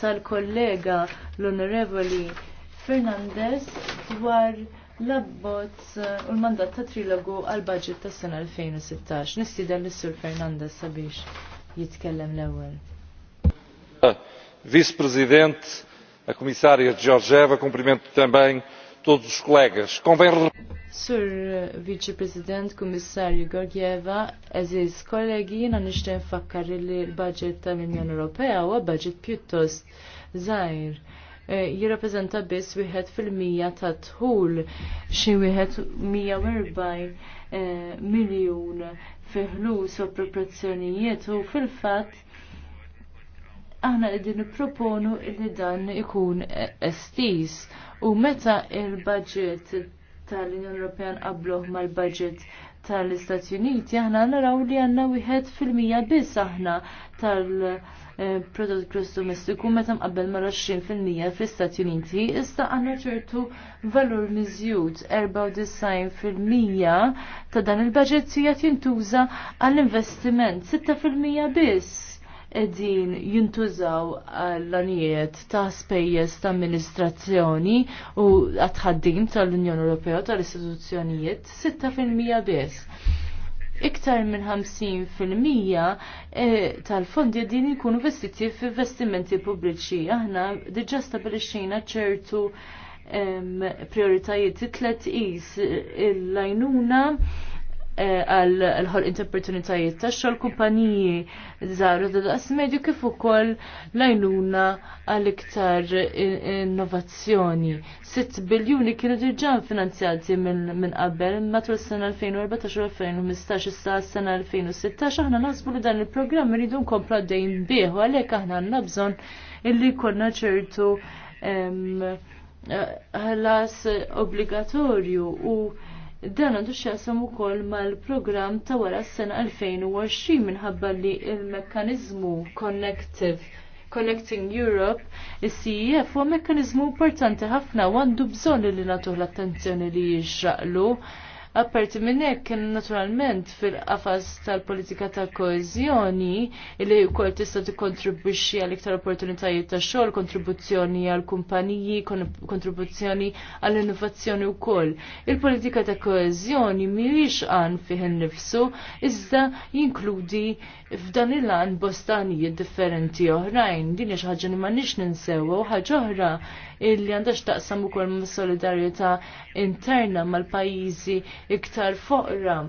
tal-kollega l-Onorevoli Fernandez dwar l-abbozz uh, u l-mandat ta' trilogu għal-budget ta' sena 2016. Nistiden l-Sur Fernandez sabiex jitkellem l-ewel. Uh, Vice President, a Comissária Georgieva, cumprimento também todos os colegas. Convém Sur Vice President Kummissarju Gorgieva, eżiz kollegi, jina nishtem fakkar li l-budget tal-Unjoni Ewropea huwa budget pjuttost zaħir. E, jirrappreżenta biss wieħed fil-mija ta' tħul xi wieħed 140 e, miljun fi ħlus u proporzjonijiet u fil-fatt aħna qegħdin nipproponu li dan ikun e, estis u meta il-budget tal-Unjoni Ewropea nqabluh mal-budget tal-Istati Uniti, aħna naraw li għanna wieħed fil-mija biss aħna tal-prodott gross domestiku meta mqabbel ma' 20 fil-mija fl-Istati Uniti, issa għanna ċertu valur miżjud 94 fil-mija ta' dan il-budget jgħat jintuża għall-investiment 6 fil-mija biss edin jintużaw l-anijiet ta' spejjeż ta' amministrazzjoni u għatħaddim tal-Unjoni Ewropea tal-istituzzjonijiet 6% biss. Iktar minn 50% e, tal-fondi din jkunu vestiti f'investimenti pubbliċi. Aħna diġà stabilixxejna ċertu prioritajiet titlet is il-lajnuna Eh, għal ħol opportunitajiet ta' xogħol kumpaniji zaħru ta' daqs medju kif ukoll lajnuna għal iktar innovazzjoni. 6 biljuni kienu diġà finanzjati minn qabel matul s-sena 2014-2015 issa s-sena 2016 aħna naħsbu li dan il-programm iridu nkomplu għaddejn bih u għalhekk aħna għandna bżonn illi jkollna ċertu eh, ħlas obbligatorju u dan għandu xjaqsam ukoll mal-programm ta' wara s-sena 2020 minħabba li il-mekkanizmu Connective Connecting Europe, il cef huwa mekanizmu importanti ħafna u għandu bżon li natuħ l-attenzjoni li jixraqlu Apparti minn hekk naturalment fil-qafas tal-politika ta' koeżjoni li wkoll tista' tikkontribwixxi għal iktar opportunitajiet ta' xogħol, kontribuzzjoni għal kumpaniji, kontribuzzjoni għall innovazzjoni wkoll. Il-politika ta' koeżjoni mhijiex għan fih innifsu, iżda jinkludi f'dan il-għan bostanijiet differenti oħrajn. Din xaħġa xi ħaġa li m'għandniex ninsewa u ħaġa oħra illi għandax taqsam ukoll ma' solidarjetà interna mal-pajjiżi iktar foqra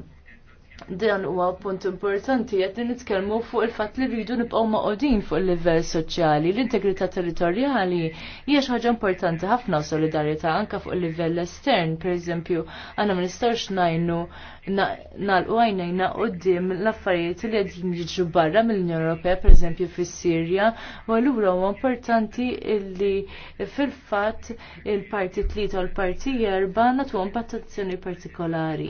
dan huwa punt importanti qed nitkellmu fuq il-fatt li rridu nibqgħu maqodin fuq il-livell soċjali. L-integrità territorjali hija xi ħaġa importanti ħafna solidarjetà anke fuq il-livell estern, pereżempju, għandna ma nistgħux ngħinu nagħlqu għajnejna qudiem l-affarijiet li qegħdin jiġu barra mill-Unjoni Ewropea pereżempju fis-Sirja u allura huwa importanti li fil-fatt il-parti tlieta u l-parti erba' nagħtuhom attenzjoni partikolari.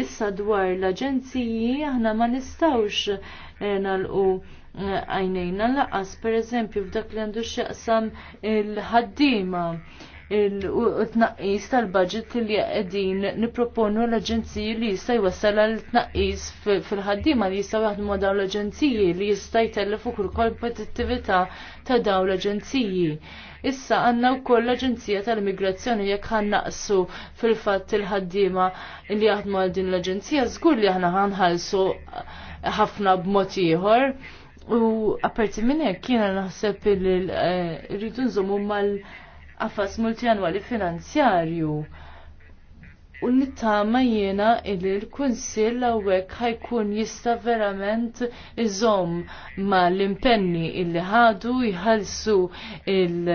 Issa dwar l-aġenziji aħna ma nistawx eh, nalqu eh, għajnejna laqas, per eżempju, f'dak li għandu xieqsam il-ħaddima il-tnaqqis tal-budget li għedin niproponu l-aġenziji li jista' jwassal għal tnaqqis fil-ħaddima li jista' jaħdmu dawn l-aġenziji li jista' jtellefu kull kompetittività ta' dawn l-aġenziji. Issa għanna wkoll l-Aġenzija tal-Immigrazzjoni jekk ħannaqsu fil-fatt il-ħaddiema li jaħdmu għal din l-Aġenzija żgur li aħna ħanħallsu ħafna b'mod ieħor. U apparti minn hekk jiena naħseb li eh, rridu mal-qafas multianwali finanzjarju u nittama jiena illi l-Kunsill hawnhekk ħajkun jista' verament iżomm ma l-impenni illi ħadu jħallsu il-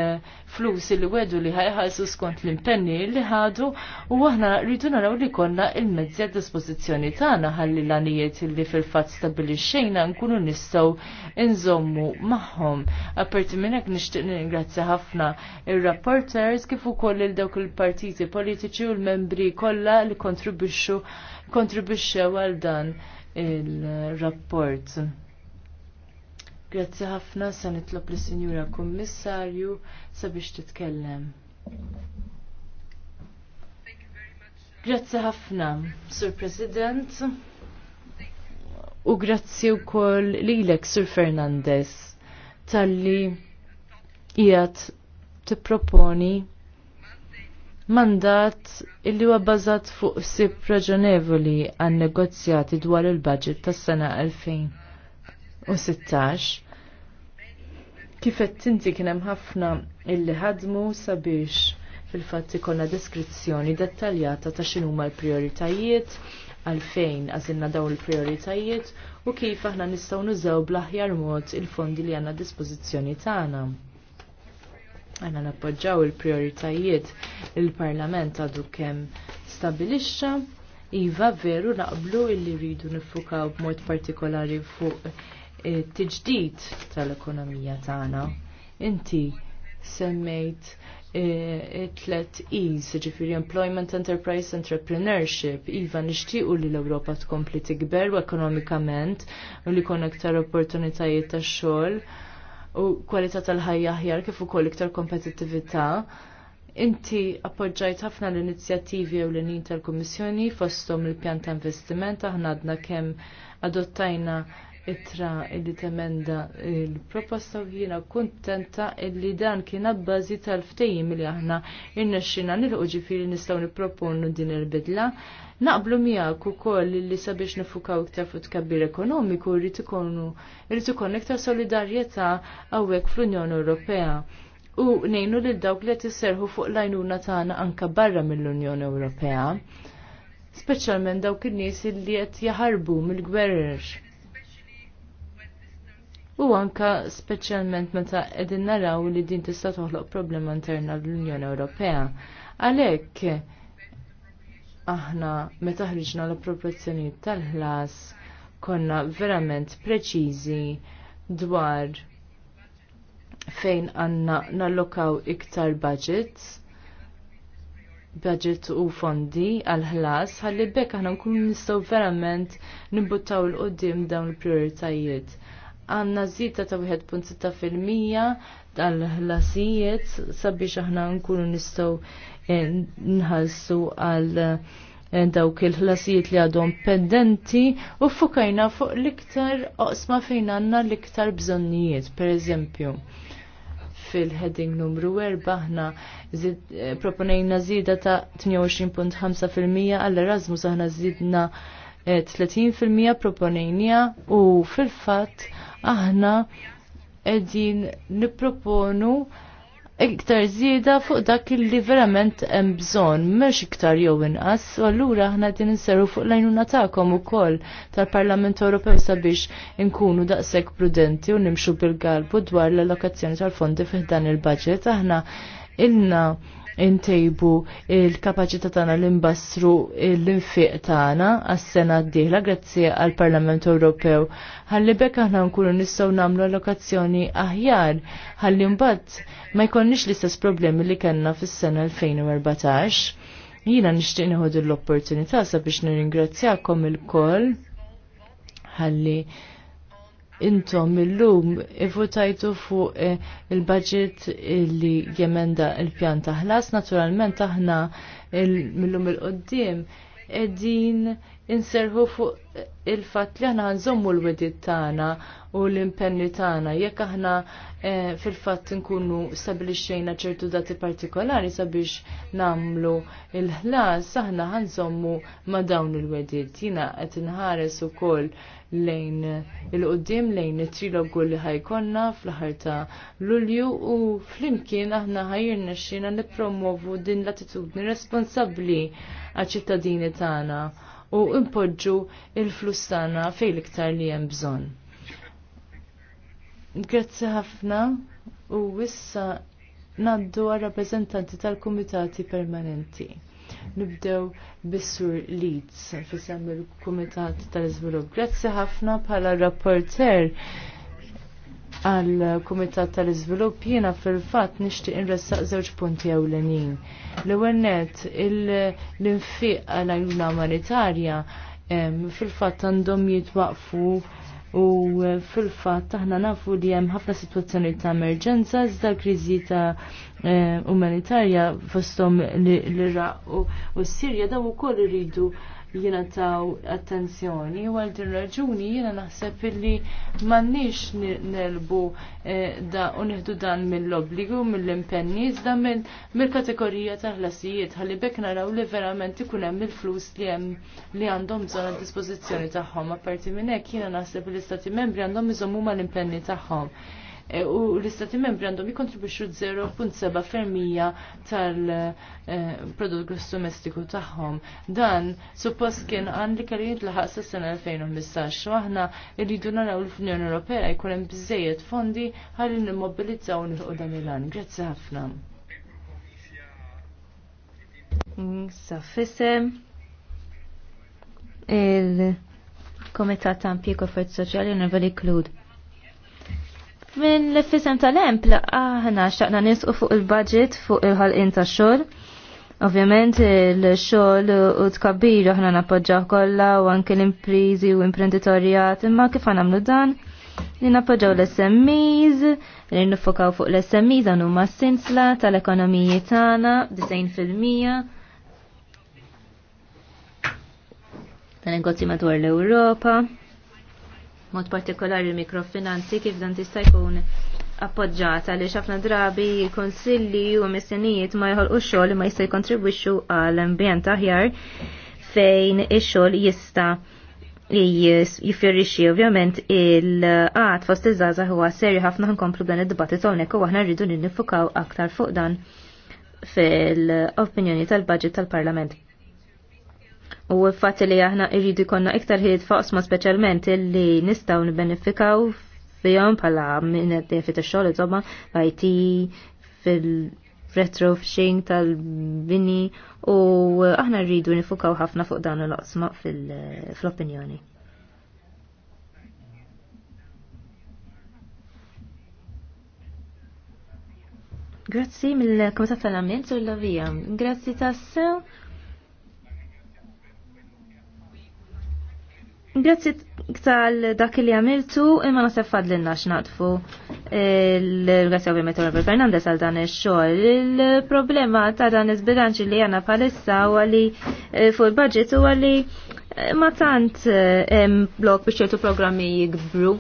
flus li wedu li ħajħalsu skont l-impenni li ħadu u aħna rridu naraw li konna il-mezzi għad dispożizzjoni tagħna ħalli l-anijiet li fil-fatt stabilixxejna nkunu nistgħu nżommu magħhom. Apparti minn hekk nixtieq ningrazzja ħafna il rapporters kif ukoll il dawk il-partiti politiċi u l-membri kollha li kontribwixxu kontribwixxew għal dan il-rapport. Grazzi ħafna sa nitlob lis-Sinjura Kummissarju sabiex titkellem. Grazzi ħafna, Sur President. U grazzi wkoll lilek, Sur Fernandez, talli qiegħed tipproponi mandat illi huwa bbażat fuq sib raġonevoli għan negozjati dwar il-budget tas-sena 2000 kif kifet tinti kienem ħafna illi ħadmu sabiex fil-fatt ikolna deskrizzjoni dettaljata ta' xinu ma' l-prioritajiet, għalfejn għażilna daw l-prioritajiet u kif aħna nistaw nużaw blaħjar mod il-fondi li għanna dispozizjoni tagħna. Għanna nappoġġaw il-prioritajiet il-Parlament għadu kemm stabilixxa Iva veru naqblu illi rridu nifukaw b'mod partikolari fuq il-tġdid tal-ekonomija tagħna. Inti semmejt eh, it-tlet E's, ġifiri Employment, Enterprise, Entrepreneurship, iva nishtiqu li l-Europa tkompli tikber u ekonomikament u li kon aktar opportunitajiet ta' xogħol u kwalità tal-ħajja aħjar kif ukoll iktar kompetittività. Inti appoġġajt ħafna l-inizjattivi u l-inin tal-Kummissjoni fostom il-pjan ta' investiment aħna għadna kemm adottajna itra illi temenda il-proposta u jiena kontenta illi dan kien abbażi tal ftejim li aħna irnexxina nilħu ġifieri nistgħu nipproponu din il-bidla. Naqblu miegħek ukoll li sabiex nifukaw iktar fuq tkabbir ekonomiku rrid ikunu rrid ikun iktar solidarjetà hawnhekk fl-Unjoni Ewropea. U nejnu lil dawk li qed isserħu fuq l-għajnuna tagħna anke barra mill-Unjoni Ewropea. Speċjalment dawk in-nies li qed jaħarbu mill-gwerer u anka speċjalment meta qegħdin naraw li din tista' toħloq problema interna l-Unjoni Ewropea. Għalhekk aħna meta ħriġna l-appropriazzjonijiet tal-ħlas konna verament preċiżi dwar fejn għanna nallokaw iktar budgets budget u fondi għal-ħlas ħalli bekk aħna nkunu nistgħu verament nimbuttaw l qudiem dawn il-prioritajiet għanna zita ta' 1.6% tal-ħlasijiet sabiex aħna nkunu nistgħu eh, nħallsu għal eh, dawk il-ħlasijiet li għadhom pendenti u fukajna fuq l-iktar oqsma fejn għandna l-iktar bżonnijiet, per eżempju fil-heading numru 4 aħna eh, proponejna zida ta' 28.5% għall-Erasmus aħna zidna 30% eh, proponejnija u fil-fatt aħna qegħdin nipproponu iktar zida fuq dak li verament hemm bżonn, mhux iktar jew inqas, u allura aħna din inseru fuq lajnuna tagħkom ukoll tal-Parlament Ewropew sabiex inkunu daqshekk prudenti u nimxu bil-galbu dwar l-allokazzjoni tal-fondi fih dan il-budget aħna ilna intejbu il kapacita tagħna li nbassru l-infiq tagħna għas-sena d-dieħla grazzi għall-Parlament Ewropew. Ħalli bekk aħna nkunu nistgħu nagħmlu allokazzjoni aħjar ħalli mbagħad ma jkollniex l-istess problemi li kellna fis-sena 2014. Jina nixtieq neħod l-opportunità sabiex nirringrazzjakom il-koll ħalli intom illum ivvotajtu fuq eh, il-budget li jemenda il-pjan taħlas, naturalment aħna il millum il-qoddim edin inserħu fuq il-fat li aħna nżommu l-wedid tagħna u l-impenni tagħna jekk aħna eh, fil-fatt nkunu stabilixxejna ċertu dati partikolari sabiex namlu il-ħlas aħna ħanżommu ma' dawn il-wedid. Jina qed inħares ukoll lejn il-qoddim lejn it-trilogu li ħajkonna fl-aħħar ta' Lulju u flimkien aħna ħajirna xina nippromovu din l-attitudni responsabbli għaċ-ċittadini tagħna u impoġġu il-flus tagħna fejn l-iktar li hemm bżonn. Grazzi ħafna u issa naddu għal rappreżentanti tal-kumitati permanenti. Nibdew bissur sur Leeds fisem il-Kumitat tal-Iżvilupp. Grazzi ħafna bħala rapporter għal Kumitat tal-Iżvilupp jiena fil-fatt nixtieq inressaq żewġ punti ewlenin. L-ewwel net l-infiq għal ajuna umanitarja fil-fatt għandhom jitwaqfu u fil-fatt aħna nafu li hemm ħafna sitwazzjoni ta' emerġenza iżda kriżi ta' umanitarja fosthom l-Iraq u s-Sirja daw ukoll iridu taw attenzjoni. U għal din raġuni jiena naħseb illi m'għandniex nelbu eh, da u nieħdu dan mill-obbligu mill-impenni iżda mill-kategorija ta' ħlasijiet ħalli bekk naraw li verament ikun hemm il-flus li hemm li għandhom bżonn dispożizzjoni tagħhom. Apparti minn hekk jiena naħseb li l-istati membri għandhom iżommu mal-impenni tagħhom. Eh, u l-istati membri għandhom jikontribuxxu 0.7% tal-prodott eh, gross domestiku tagħhom. Dan suppost kien għandi kellu jitlaħaq sas-sena 2015 u aħna rridu naraw l-Unjoni Ewropea jkun hemm biżejjed fondi ħalli nimmobilizzaw nilqu dan il-għan. Grazzi ħafna. il-Komitat ta' Impjeko Soċjali Onorevoli Klud. Min l-fissem tal-emp aħna xaqna nisqu fuq il-budget fuq il in ta' xogħol. Ovvjament l xogħol u tkabbir aħna nappoġġaw kollha u anke l-imprizi u imprenditorjat imma kif għamlu dan li nappoġġaw l-SMEs, li nifokaw fuq l-SMEs dan s sinsla tal-ekonomiji tagħna 90%. Tal-negozji madwar l-Ewropa mod partikolari mikrofinanzi kif dan tista' jkun appoġġata li ħafna drabi konsilli u missinijiet ma jħolqu xogħol ma jista' jkontribwixxu għall ambjent aħjar fejn ix-xogħol jista' jifferrixxi ovvjament il-qat fost iż-żgħażagħ huwa serju ħafna nkomplu dan id-dibattit hawnhekk u aħna rridu ninnifukaw aktar fuq dan fil-opinjoni tal-budget tal-Parlament. U fatti li aħna irridu konna iktar ħid faqsma speċjalment li nistaw nibenefikaw fihom bħala minn qed ix-xogħol zobba IT fil-retrofishing tal-bini u aħna rridu nifukaw ħafna fuq dawn l-oqsma fl-opinjoni. Grazzi mill-Komitat tal-Amment u l-Lavija. Grazzi tassew. Grazzi tal dak li għamiltu imma nasef fadlinna x'naqtfu il-grazzi ovvjament Oliver Fernandez għal dan ix-xogħol. Il-problema ta' dan iż-bilanċ li għana palissa u għalli eh, fuq il-budget u għalli eh, ma tant eh, hemm blok biex ċertu programmi jikbru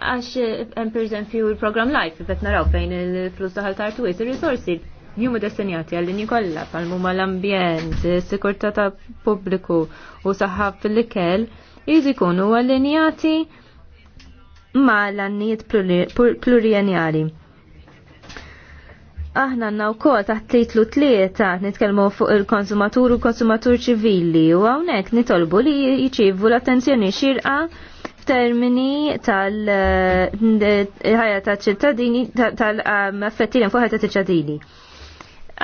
għax hemm pereżempju il program live qed naraw fejn il-flus daħal tartwis ir-risorsi jumu destinjati għall jikolla, kollha bħal l-ambjent, sikurtà ta' pubbliku u saħħab fil-ikel jrid ikunu allinjati ma l-annijiet plurianjali. Aħna għanna u kol taħt titlu tlieta nitkellmu fuq il-konsumatur u konsumatur ċivili u għawnek nitolbu li jċivu l-attenzjoni xirqa f'termini tal-ħajja eh, ta' ċittadini tal-affettilin fuq ħajja ta' ċittadini.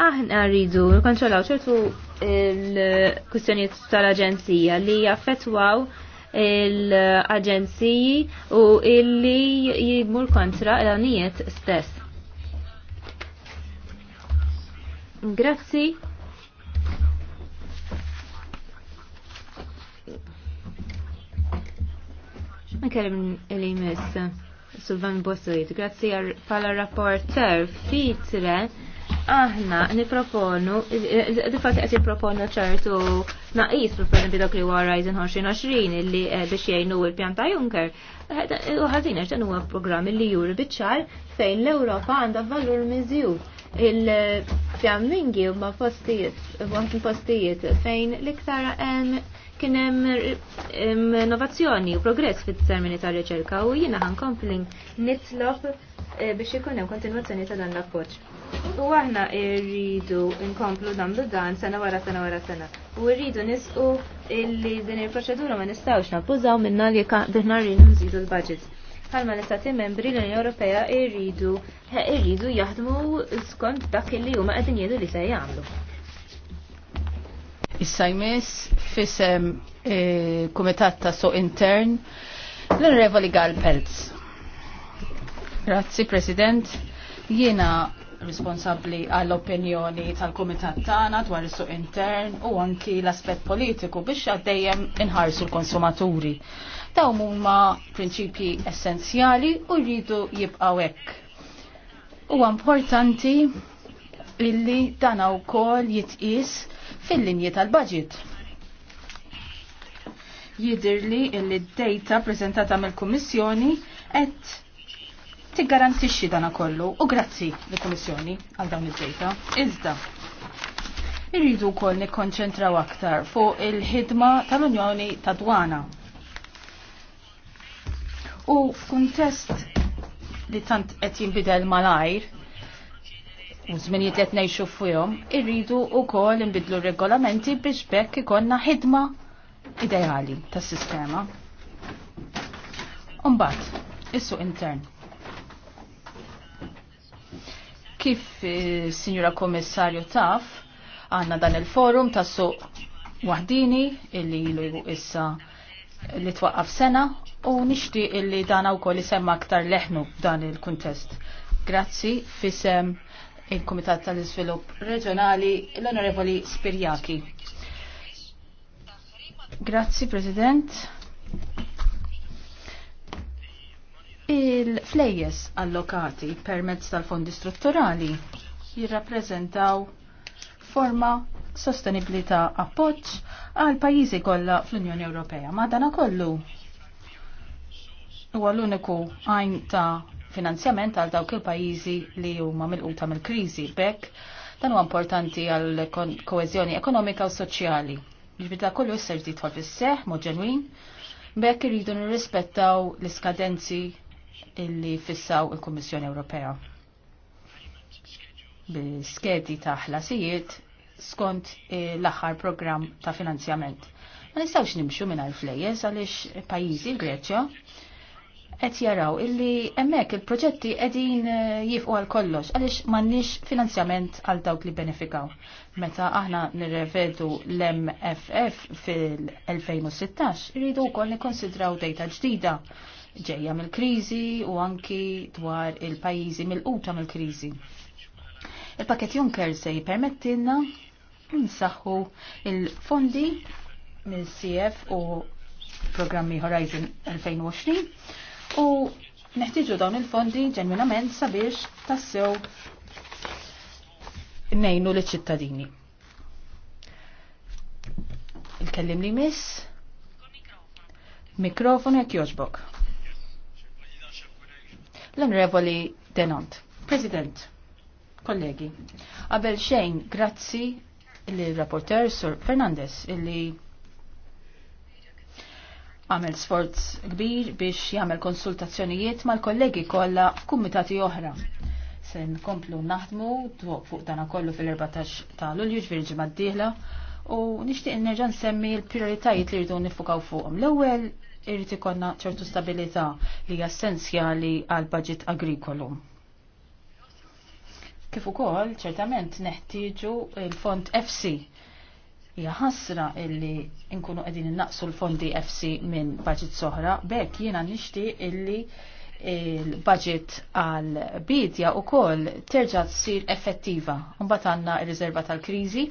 Aħna rridu nkontrollaw ċertu il-kustjoniet tal-Aġenzija li jaffetwaw l-aġenziji u illi jibmur kontra l-għanijiet stess. Grazzi. Ma kellem il-imis Sulvan Bosuit, grazzi pala rapporter fitre aħna niproponu, fatti għet niproponu ċertu naqis, fil esempio dak li huwa Horizon 2020 illi eh, biex jgħinu il-pjanta Juncker. U ħażin għax dan huwa li juri bieċar fejn l-Ewropa għandha valur mizju. il-pjammingi u ma postijiet, waħt postijiet fejn l-iktar kien hemm innovazzjoni u progress fit-termini tal-riċerka u jiena ħankompli nitlop Eh, biex ikun hemm kontinwazzjoni ta' dan l-appoġġ. U aħna rridu nkomplu nagħmlu dan sena wara sena wara sena. U rridu nisqu illi din il-proċedura ma nistgħux nabbużaw minna li dinar nżidu l-budgets. Bħalma l-istati membri l-Unjoni Ewropea irridu irridu jaħdmu skont dak li huma qegħdin jgħidu li se jagħmlu. Issa jmiss fisem eh, Kumitat ta' So Intern l revoli Gal Pelz. Grazzi, President. Jiena responsabli għall-opinjoni tal-Kumitat tagħna dwar is-suq intern u anki l-aspett politiku biex għaddejjem inħarsu l-konsumaturi. Dawn huma prinċipji essenzjali u jridu jibqgħu hekk. Huwa importanti illi dan wkoll jitqies fil-linji tal-budget. Jidirli illi d-data preżentata mill-Kummissjoni qed tiggarantixxi dana kollu u grazzi li komissjoni għal dawn il-żejta, Iżda, irridu wkoll nikkonċentraw aktar fuq il-ħidma tal-Unjoni ta' Dwana. U f'kuntest li tant qed jinbidel malajr, u żminijiet qed ngħixu fuqhom, irridu wkoll inbidlu regolamenti biex bekk ikonna ħidma ideali tas-sistema. Umbagħad is-suq intern. Kif eh, Sinjura Komissarju taf, għanna dan il-forum ta' su wahdini illi ilu issa li twaqqaf sena u nishti illi dan u koll semma aktar leħnu dan il-kuntest. Grazzi fisem il-Komitat tal-Izvilupp Reġjonali l-Onorevoli Spirjaki. Grazzi President. Il-flejjes allokati permezz tal-fondi strutturali jirrappreżentaw forma sostenibilità ta' appoġġ għal pajjiżi kollha fl-Unjoni Ewropea. Madana kollu huwa l-uniku għajn ta' finanzjament għal dawk il-pajjiżi li huma milquta mill-kriżi bekk dan huwa importanti għal koeżjoni ekonomika u soċjali. Ġbita kollu jisser jidħol fis-seħ, mod ġenwin, bekk irridu nirrispettaw l-iskadenzi illi fissaw il-Kommissjoni Ewropea. Bil-skedi ta' ħlasijiet skont l-aħħar program ta' finanzjament. Ma nistawx nimxu minna l-flejes għaliex pajjiżi l-Greċja qed jaraw illi hemmhekk il-proġetti qegħdin eh, jifqu għal kollox għaliex m'għandniex finanzjament għal dawk li benefikaw. Meta aħna nirrevedu l-MFF fil-2016 irridu wkoll nikkonsidraw dejta ġdida ġejja mill-kriżi u anki dwar il-pajjiżi mill-quta mill-kriżi. Il-pakket Juncker se jipermettilna nsaħħu il-fondi mill-CF u programmi Horizon 2020 u neħtiġu dawn il-fondi ġenwinament sabiex tassew nejnu li ċittadini. Il-kellim li miss mikrofon jek joġbok. L-Onorevoli Denant. President, kollegi, qabel xejn, grazzi il-rapporter Sur Fernandez illi għamel sforz kbir biex jagħmel konsultazzjonijiet mal-kollegi kollha f'kumitati oħra. Se nkomplu naħdmu fuq dana kollu fil-14 ta' Lulju ġviri ġimgħa d-dieħla u nixtieq nerġa' nsemmi l-prijoritajiet li rridu nifukaw fuqhom. L-ewwel irrid ikonna ċertu stabilità li hija essenzjali għal budget agrikolu. Kif ukoll ċertament neħtieġu il-fond FC hija ħasra illi nkunu qegħdin innaqsu l-fondi FC minn budget soħra, bekk jiena nixtieq illi il-budget għal bidja u kol terġa tsir effettiva. Mbagħad għandna r rizerva tal-kriżi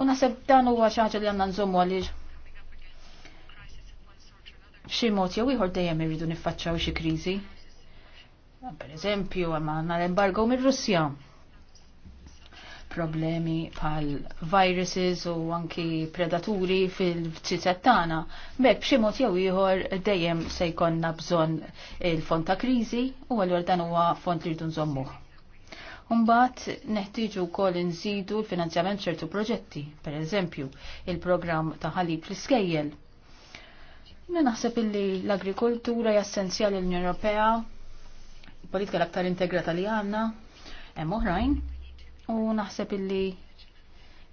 u naseb dan huwa xi ħaġa li għandna nżommu għaliex X'i mod jew ieħor dejjem irridu niffaċċaw xi kriżi. Per eżempju, għandna l-embargo mir-Russja. Problemi bħal viruses u anki predaturi fil-ċiset tagħna. Bek b'xi mod jew ieħor dejjem se jkollna bżonn il-fond ta' kriżi u allura dan huwa fond li rridu nżommuh. Umbat, neħtieġu kol nżidu l-finanzjament ċertu proġetti, per eżempju, il-program ta' ħalib fl-iskejjel Jina naħseb illi l-agrikoltura jassenzjali l-Unjoni Ewropea, politika l-aktar integrata li għanna, hemm oħrajn, u naħseb illi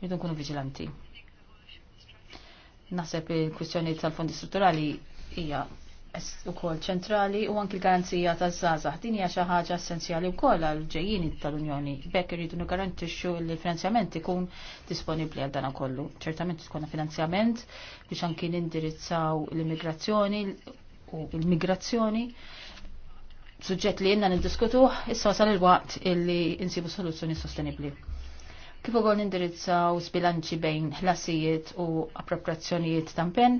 jridu nkunu viġilanti. Naħseb il-kwistjoni tal-fondi strutturali hija kol ċentrali u anki l-garanzija taż zazah. Din hija xi ħaġa essenzjali wkoll għal ġejjin tal-Unjoni. Bekk irridu nigarantixxu li l-finanzjament ikun disponibbli għal dan kollu. Ċertament tkun finanzjament biex anki nindirizzaw l-immigrazzjoni u l-migrazzjoni. Suġġett li jenna niddiskutuh, issa wasal il-waqt illi insibu soluzzjoni sostenibbli kif ukoll nindirizzaw sbilanċi bejn ħlasijiet u appropriazzjonijiet tampen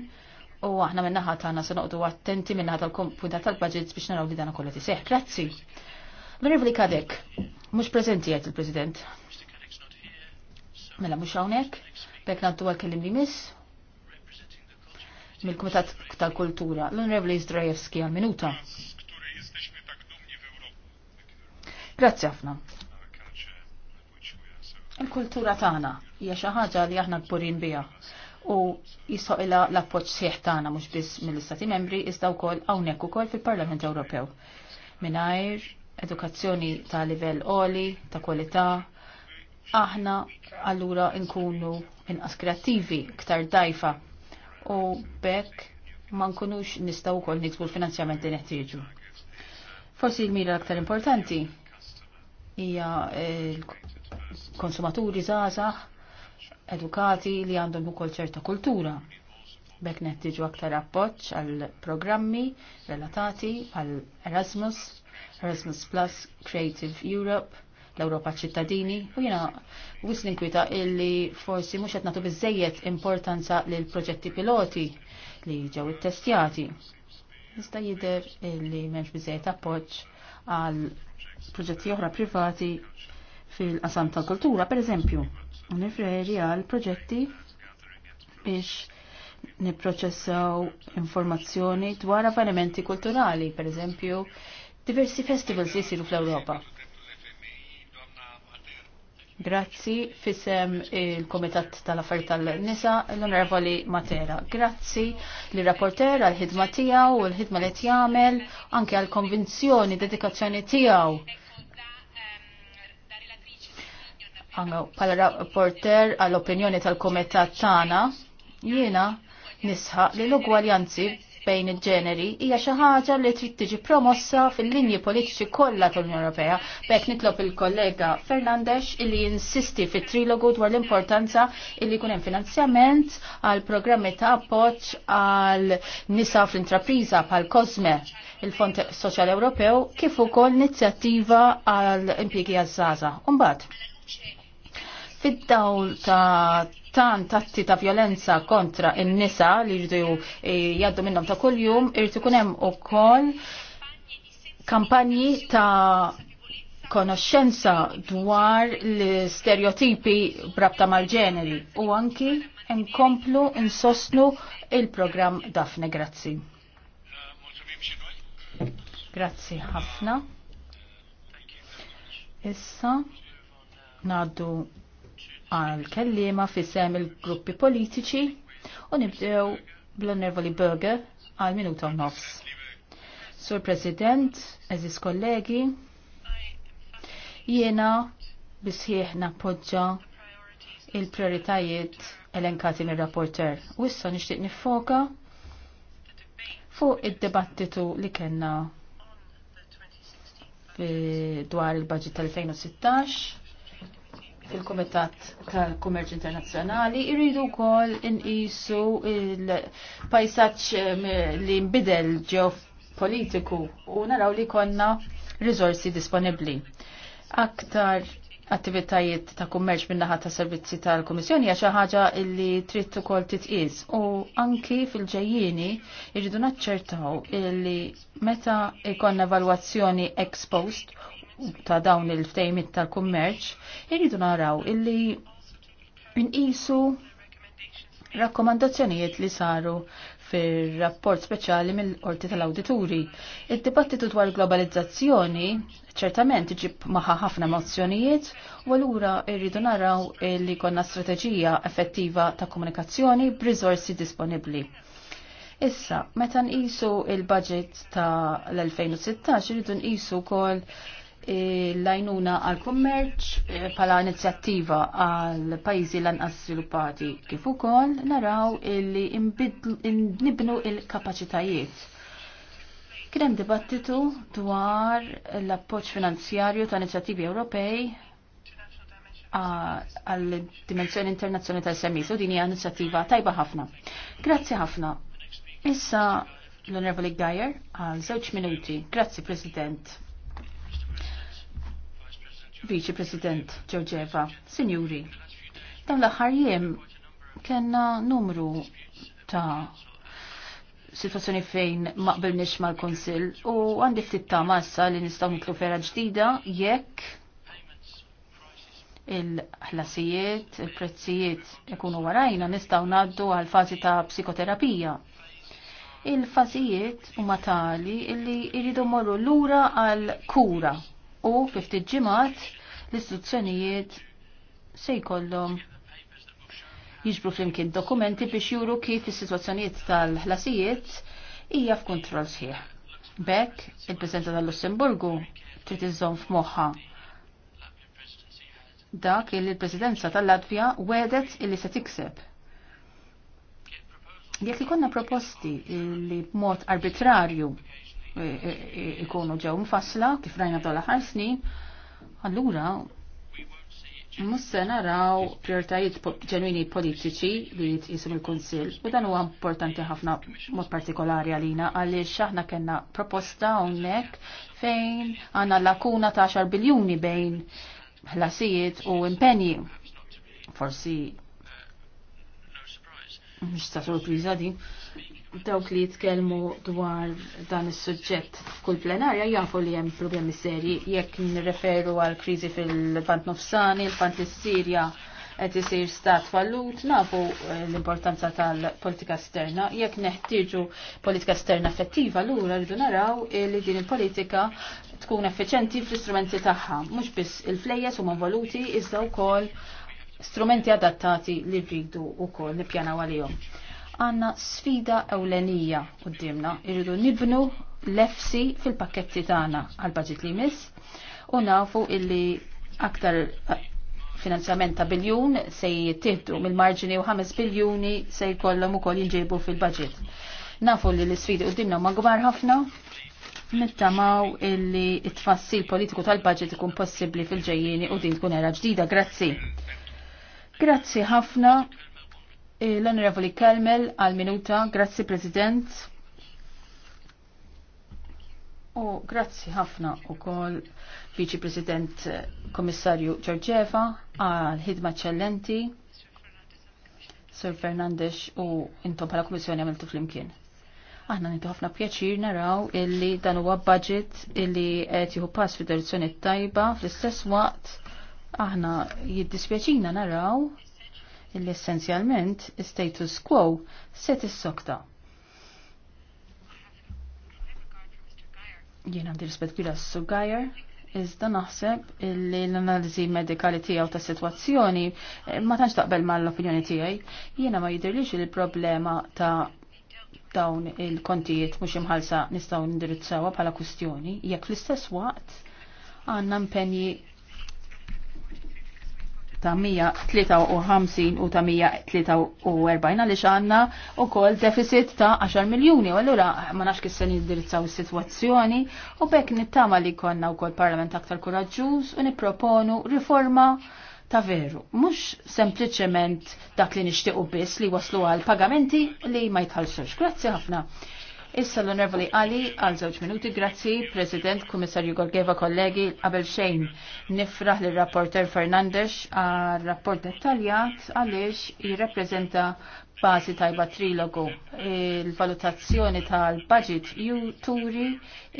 U aħna minnaħa tagħna se noqdu attenti ħat tal-kompunta tal-budget biex naraw li dan kollha seħ. Grazzi. L-Onorevoli Kadek, mhux prezenti għed il-President. Mela mhux hawnhekk, bekk ngħaddu għal-kellim li miss mill-Kumitat tal-Kultura, l-Onorevoli Zdrajewski għal-minuta. Grazzi ħafna. Il-kultura tagħna hija xi ħaġa li aħna kburin biha u jisħoq ila l-appoċ sieħ tagħna mhux biss mill-Istati Membri iżda wkoll hawnhekk ukoll fil-Parlament Ewropew. Mingħajr edukazzjoni ta' livell oli, ta' kwalità, aħna allura nkunu inqas kreattivi, ktar dajfa u bekk ma nkunux nistgħu wkoll niksbu l-finanzjament li neħtieġu. Forsi l-mira l-aktar importanti hija l-konsumaturi żgħażagħ edukati li għandhom ukoll ċerta kultura. Bek nettiġu aktar appoġġ għal programmi relatati għal Erasmus, Erasmus Plus, Creative Europe, l-Europa ċittadini u jena wis ninkwita illi forsi mhux qed nagħtu biżejjed importanza l proġetti piloti li ġew ittestjati. Nista jidher illi m'hemmx biżejjed appoġġ għal proġetti oħra privati fil-qasam tal-kultura, per eżempju, nirreferi għal proġetti biex niproċessaw informazzjoni dwar avvenimenti kulturali, per eżempju, diversi festivals jisiru fl-Europa. Grazzi fisem il-Komitat tal affer tal-Nisa l-Onorevoli Matera. Grazzi li rapporter għal-ħidma tijaw u l-ħidma li tjamel anke għal-konvinzjoni, dedikazzjoni tijaw pala rapporter għall-opinjoni tal-komitat Tana, jiena nisħaq li l-ugwaljanzi bejn il-ġeneri hija xi ħaġa li trid tiġi promossa fil-linji politiċi kollha tal-Unjoni Ewropea. Bek nitlob il-kollega Fernandez illi insisti fit-trilogu dwar l-importanza illi jkun hemm finanzjament għal programmi ta' appoġġ għal nisa fl-intrapriża bħal Cosme il-Fond Soċjali Ewropew kif ukoll inizjattiva għal impjiegi għaż-żgħażagħ. Imbagħad fid-dawl ta' tant tatti ta' violenza kontra in-nisa li jridu eh, jgħaddu minnhom ta' kuljum irid ikun hemm ukoll kampanji ta' konoxxenza dwar l-stereotipi brabta mal-ġeneri u anki nkomplu insostnu il-programm Dafne Grazzi. Grazzi ħafna. Issa naddu għal-kellima sem il-gruppi politiċi u nibdew bl-onervoli Burger għal-minuta u nofs. Sur President, eżis kollegi, jiena bisħieħ nappoġġa il-prioritajiet elenkati mir rapporter U issa nixtieq nifoka fuq id-dibattitu li kellna dwar il-budget tal-2016 fil-Kumitat tal-Kummerċ Internazzjonali irridu wkoll inqisu il-pajsaġġ eh, li nbidel ġew politiku u naraw li konna risorsi disponibbli. Aktar attivitajiet ta' kummerċ minnaħa ta' servizzi tal-Komissjoni għax ħaġa illi trid ukoll titqis u anki fil-ġejjieni irridu naċċertaw illi meta ikonna evalwazzjoni ex post ta' dawn il-ftejmit tal-kummerċ, irridu naraw illi nqisu rakkomandazzjonijiet li saru fir-rapport speċjali mill-Qorti tal-Awdituri. Id-dibattitu dwar globalizzazzjoni ċertament iġib maħa ħafna mozzjonijiet u allura rridu naraw li konna strateġija effettiva ta' komunikazzjoni b'riżorsi disponibbli. Issa, meta nqisu il-budget ta' l-2016 irridu nqisu wkoll E, l ajnuna għal-kummerċ e, pala inizjattiva għal pajjiżi lanqas sviluppati kif ukoll naraw illi nibnu il-kapaċitajiet. Kien hemm dibattitu dwar l-appoġġ finanzjarju ta' inizjattivi Ewropej għal-dimensjoni internazzjonali tal semis u din hija inizjattiva tajba ħafna. Grazzi ħafna. Issa l-Onorevoli Gajer għal żewġ minuti. Grazzi President. Vice President Georgieva, Sinjuri, dawn l-aħħar jiem kena numru ta' situazzjoni fejn qbilniex mal-Konsil u għandi ftit ta' massa li nistgħu nitlu fera ġdida jekk il-ħlasijiet, il-prezzijiet ikunu warajna nistgħu ngħaddu għal fażi ta' psikoterapija il fażijiet huma tali illi jridu morru lura għal kura u kif ftit ġimgħat l-istituzzjonijiet se jkollhom jiġbru flimkien dokumenti biex juru kif is-sitwazzjonijiet tal-ħlasijiet hija f'kontroll sħiħ. Bekk, il-Presidenta tal-Lussemburgu trid iżżomm f'moħħa dak il presidenza tal-Latvja wedet illi se tikseb jekk ikonna proposti li b'mod arbitrarju ikunu ġew mfassla kif rajna dola ħar snin, allura Musse naraw prioritajiet ġenwini politiċi li jisim il kunsill u dan huwa importanti ħafna mod partikolari għalina għaliex aħna kellna proposta hawnhekk fejn għandna lakuna ta' 10 biljuni bejn ħlasijiet u impenji. Forsi mhux ta' sorpriża din dawk li jitkellmu dwar dan is-suġġett f'kull plenarja jafu li hemm problemi serji jekk nirreferu għal kriżi fil-Bant Nofsani, il-Bant is-Sirja qed isir stat fallut, nafu eh, l-importanza tal-politika esterna. Jekk neħtieġu politika esterna effettiva, lura rridu naraw li din il-politika tkun effiċenti fl-istrumenti tagħha, mhux biss il-flejjes huma voluti iżda wkoll strumenti adattati li rridu wkoll nippjanaw għalihom għanna sfida ewlenija għoddimna. Irridu nibnu l fil-pakketti tagħna għal budget li mis u nafu illi aktar eh, finanzjament ta' biljun se jittihdu mill-marġini u 5 biljuni se jkollhom ukoll jinġibu fil-budget. Nafu li l-sfidi qoddimna ma' gbar ħafna nittamaw illi it-tfassil politiku tal-budget ikun possibbli fil-ġejjini u din tkun era ġdida. Grazzi. Grazzi ħafna L-Onorevoli Kelmel għal minuta, grazzi President. U grazzi ħafna u kol Viċi President Komissarju Giorgeva għal ħidma ċellenti. Sir Fernandez u intom bħala Komissjoni għamiltu fl-imkien. Aħna nintu ħafna pjaċir naraw illi dan huwa budget illi qed jieħu pass fid-direzzjoni tajba fl-istess waqt aħna jiddispjaċina naraw illi essenzjalment status quo se tissokta. Jien għandi rispett kbira s Gajer, iżda naħseb illi l-analiżi medikali tiegħu ta' sitwazzjoni eh, ma tantx taqbel l opinjoni tiegħi. Jiena ma jidhirlix il-problema ta' dawn il-kontijiet mhux imħalsa nistgħu indirizzawa bħala kwistjoni, jekk fl-istess waqt għandna impenji ta' 153 u ta' 143 għaliex għandna wkoll deficit ta' 10 miljuni. U allura ma nafx kif se nindirizzaw is-sitwazzjoni u bekk nittama li konna wkoll parlament aktar koraġġuż u nipproponu riforma ta' veru. Mhux sempliċement dak li nixtiequ biss li waslu għal pagamenti li ma jitħallsux. Grazzi ħafna. Issa l-onorevoli Ali għal żewġ minuti, grazzi, President, Kummissarju Gorgeva, kollegi, qabel xejn nifraħ l rapporter Fernandez għal rapport dettaljat għaliex jirrepreżenta bażi tajba trilogu. Il-valutazzjoni tal-budget ju turi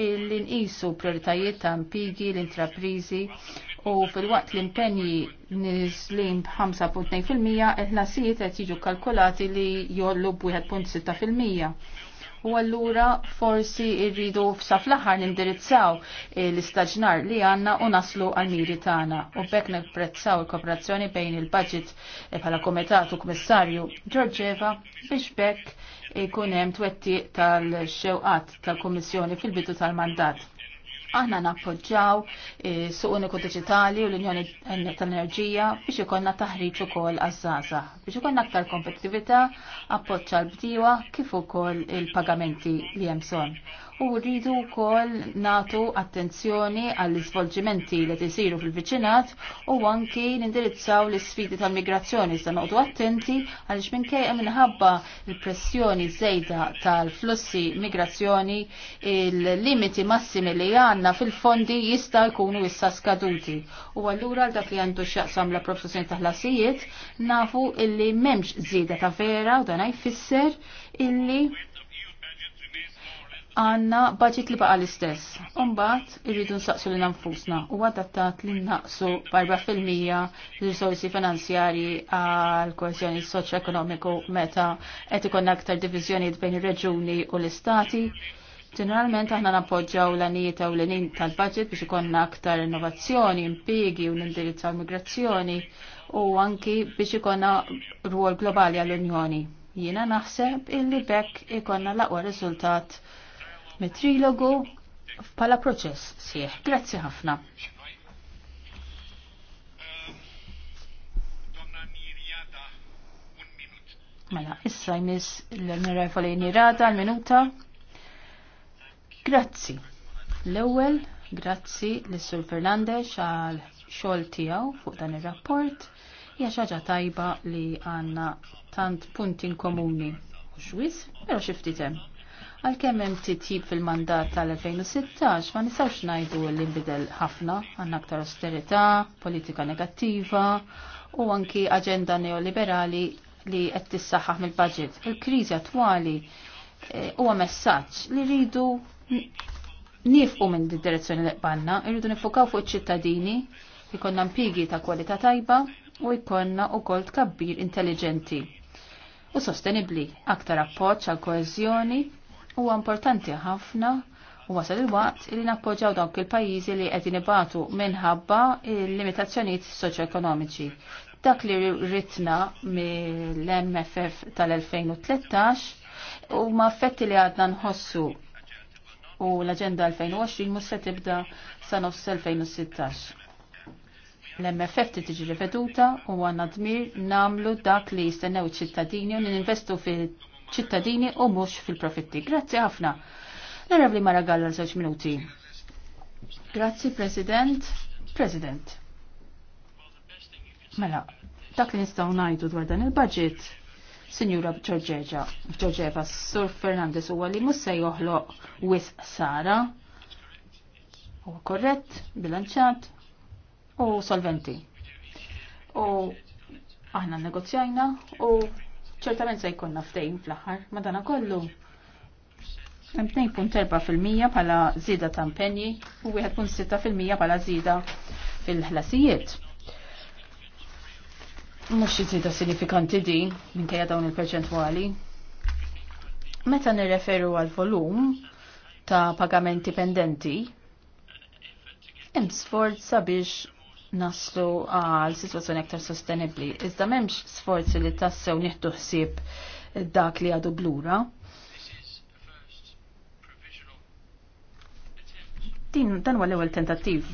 l-inqisu prioritajiet ta' impigi, l-intraprizi u fil-waqt l-impenji nizlim b'5.2% il nasijiet qed jiġu kalkulati li jollu b'1.6% u allura forsi rridu f'saf l-aħħar nindirizzaw eh, l-istaġnar li għanna u naslu għal-miri tagħna u bekk nipprezzaw il-kooperazzjoni bejn il-budget eh, bħala komitat u kummissarju Giorgeva biex bekk ikun hemm twetti tal-xewqat tal-Kummissjoni fil-bidu tal-mandat. Aħna nappoġġaw eh, suq uniku digitali u l-Unjoni tal-Enerġija biex ikollna taħriġ ukoll għaż-żgħażagħ, biex ikollna aktar kompetittività, appoġġa l-bdiewa kif ukoll il-pagamenti li hemm bżonn u rridu wkoll natu attenzjoni għall svolġimenti li tisiru fil-viċinat u anki nindirizzaw l-sfidi tal-migrazzjoni sa noqdu attenti għaliex minnkej minħabba l-pressjoni żejda tal-flussi migrazzjoni il-limiti massimi li għandna fil-fondi jista' jkunu issa skaduti. U allura għal dak li għandu x'jaqsam la professjoni taħlasijiet nafu illi memx żieda ta' vera u dan jfisser illi għanna budget li baqa l-istess. Umbat, irridu nsaqsu li nanfusna u għadattat li naqsu barba fil-mija risorsi finanzjari għal kohezjoni soċ-ekonomiku meta qed ikun aktar diviżjonijiet bejn ir-reġuni u l-istati. Ġeneralment aħna nappoġġaw l-anijiet u l-inin tal-budget biex ikonna aktar innovazzjoni, impiegi u l-indirizzaw migrazzjoni u anki biex ikonna rwol globali għall-Unjoni. Jiena naħseb illi bekk ikonna l-aqwa riżultat mit-trilogu bħala proċess sieħ. Grazzi ħafna. Mela, issa jmiss l-onorevoli Nirada l-minuta. Grazzi. L-ewwel, grazzi l-Sur Fernandez għal xogħol tiegħu fuq dan ir-rapport. Hija xi ħaġa tajba li għandna tant punti komuni. x'wis, pero però xi ftit hemm. Għalkemm hemm titjib fil-mandat tal-2016 ma nistgħux ngħidu li nbidel ħafna għandna aktar austerità, politika negattiva u anki aġenda neoliberali li qed tissaħħaħ mill-budget. Il-kriżi attwali eh, huwa messaġġ li rridu nifqu minn id-direzzjoni li qbalna, irridu nifukaw fuq iċ-ċittadini, ikonna mpigi ta' kwalità tajba u jkollna wkoll tkabbir intelligenti u sostenibli, aktar appoġġ għal koeżjoni huwa importanti ħafna u wasal il-waqt li nappoġġaw dawk il-pajjiżi li qed inibatu minħabba il-limitazzjonijiet soċjoekonomiċi. Dak li ritna mill-MFF tal-2013 u ma affetti li għadna nħossu u l-Agenda 2020 mus se tibda sa nofs 2016. L-MFF tiġi riveduta u għanna dmir namlu dak li jistennew ċittadini u ninvestu fil ċittadini u mhux fil-profitti. Grazzi ħafna. Narabli Maragall għal żewġ minuti. Grazzi President. President. Mela, dak li nistgħu ngħidu dwar dan il-budget Sinjura Giorgeja, Giorgeva, Sur Fernandez huwa li mhux se joħloq wis Sara. U korrett, bilanċat u solventi. U aħna negozjajna u ċertament se jkollna ftejn fl-aħħar, madana kollu. Hemm 2.4% bħala żieda ta' impenji u 1.6% bħala żieda fil-ħlasijiet. Mhux żieda sinifikanti di minkejja dawn il-perċentwali. Meta nirreferu għal volum ta' pagamenti pendenti, hemm sforza biex naslu għal situazzjoni aktar sostenibli. Iżda memx sforzi li tassew nieħdu ħsieb dak li għadu blura. Din dan huwa l-ewwel tentattiv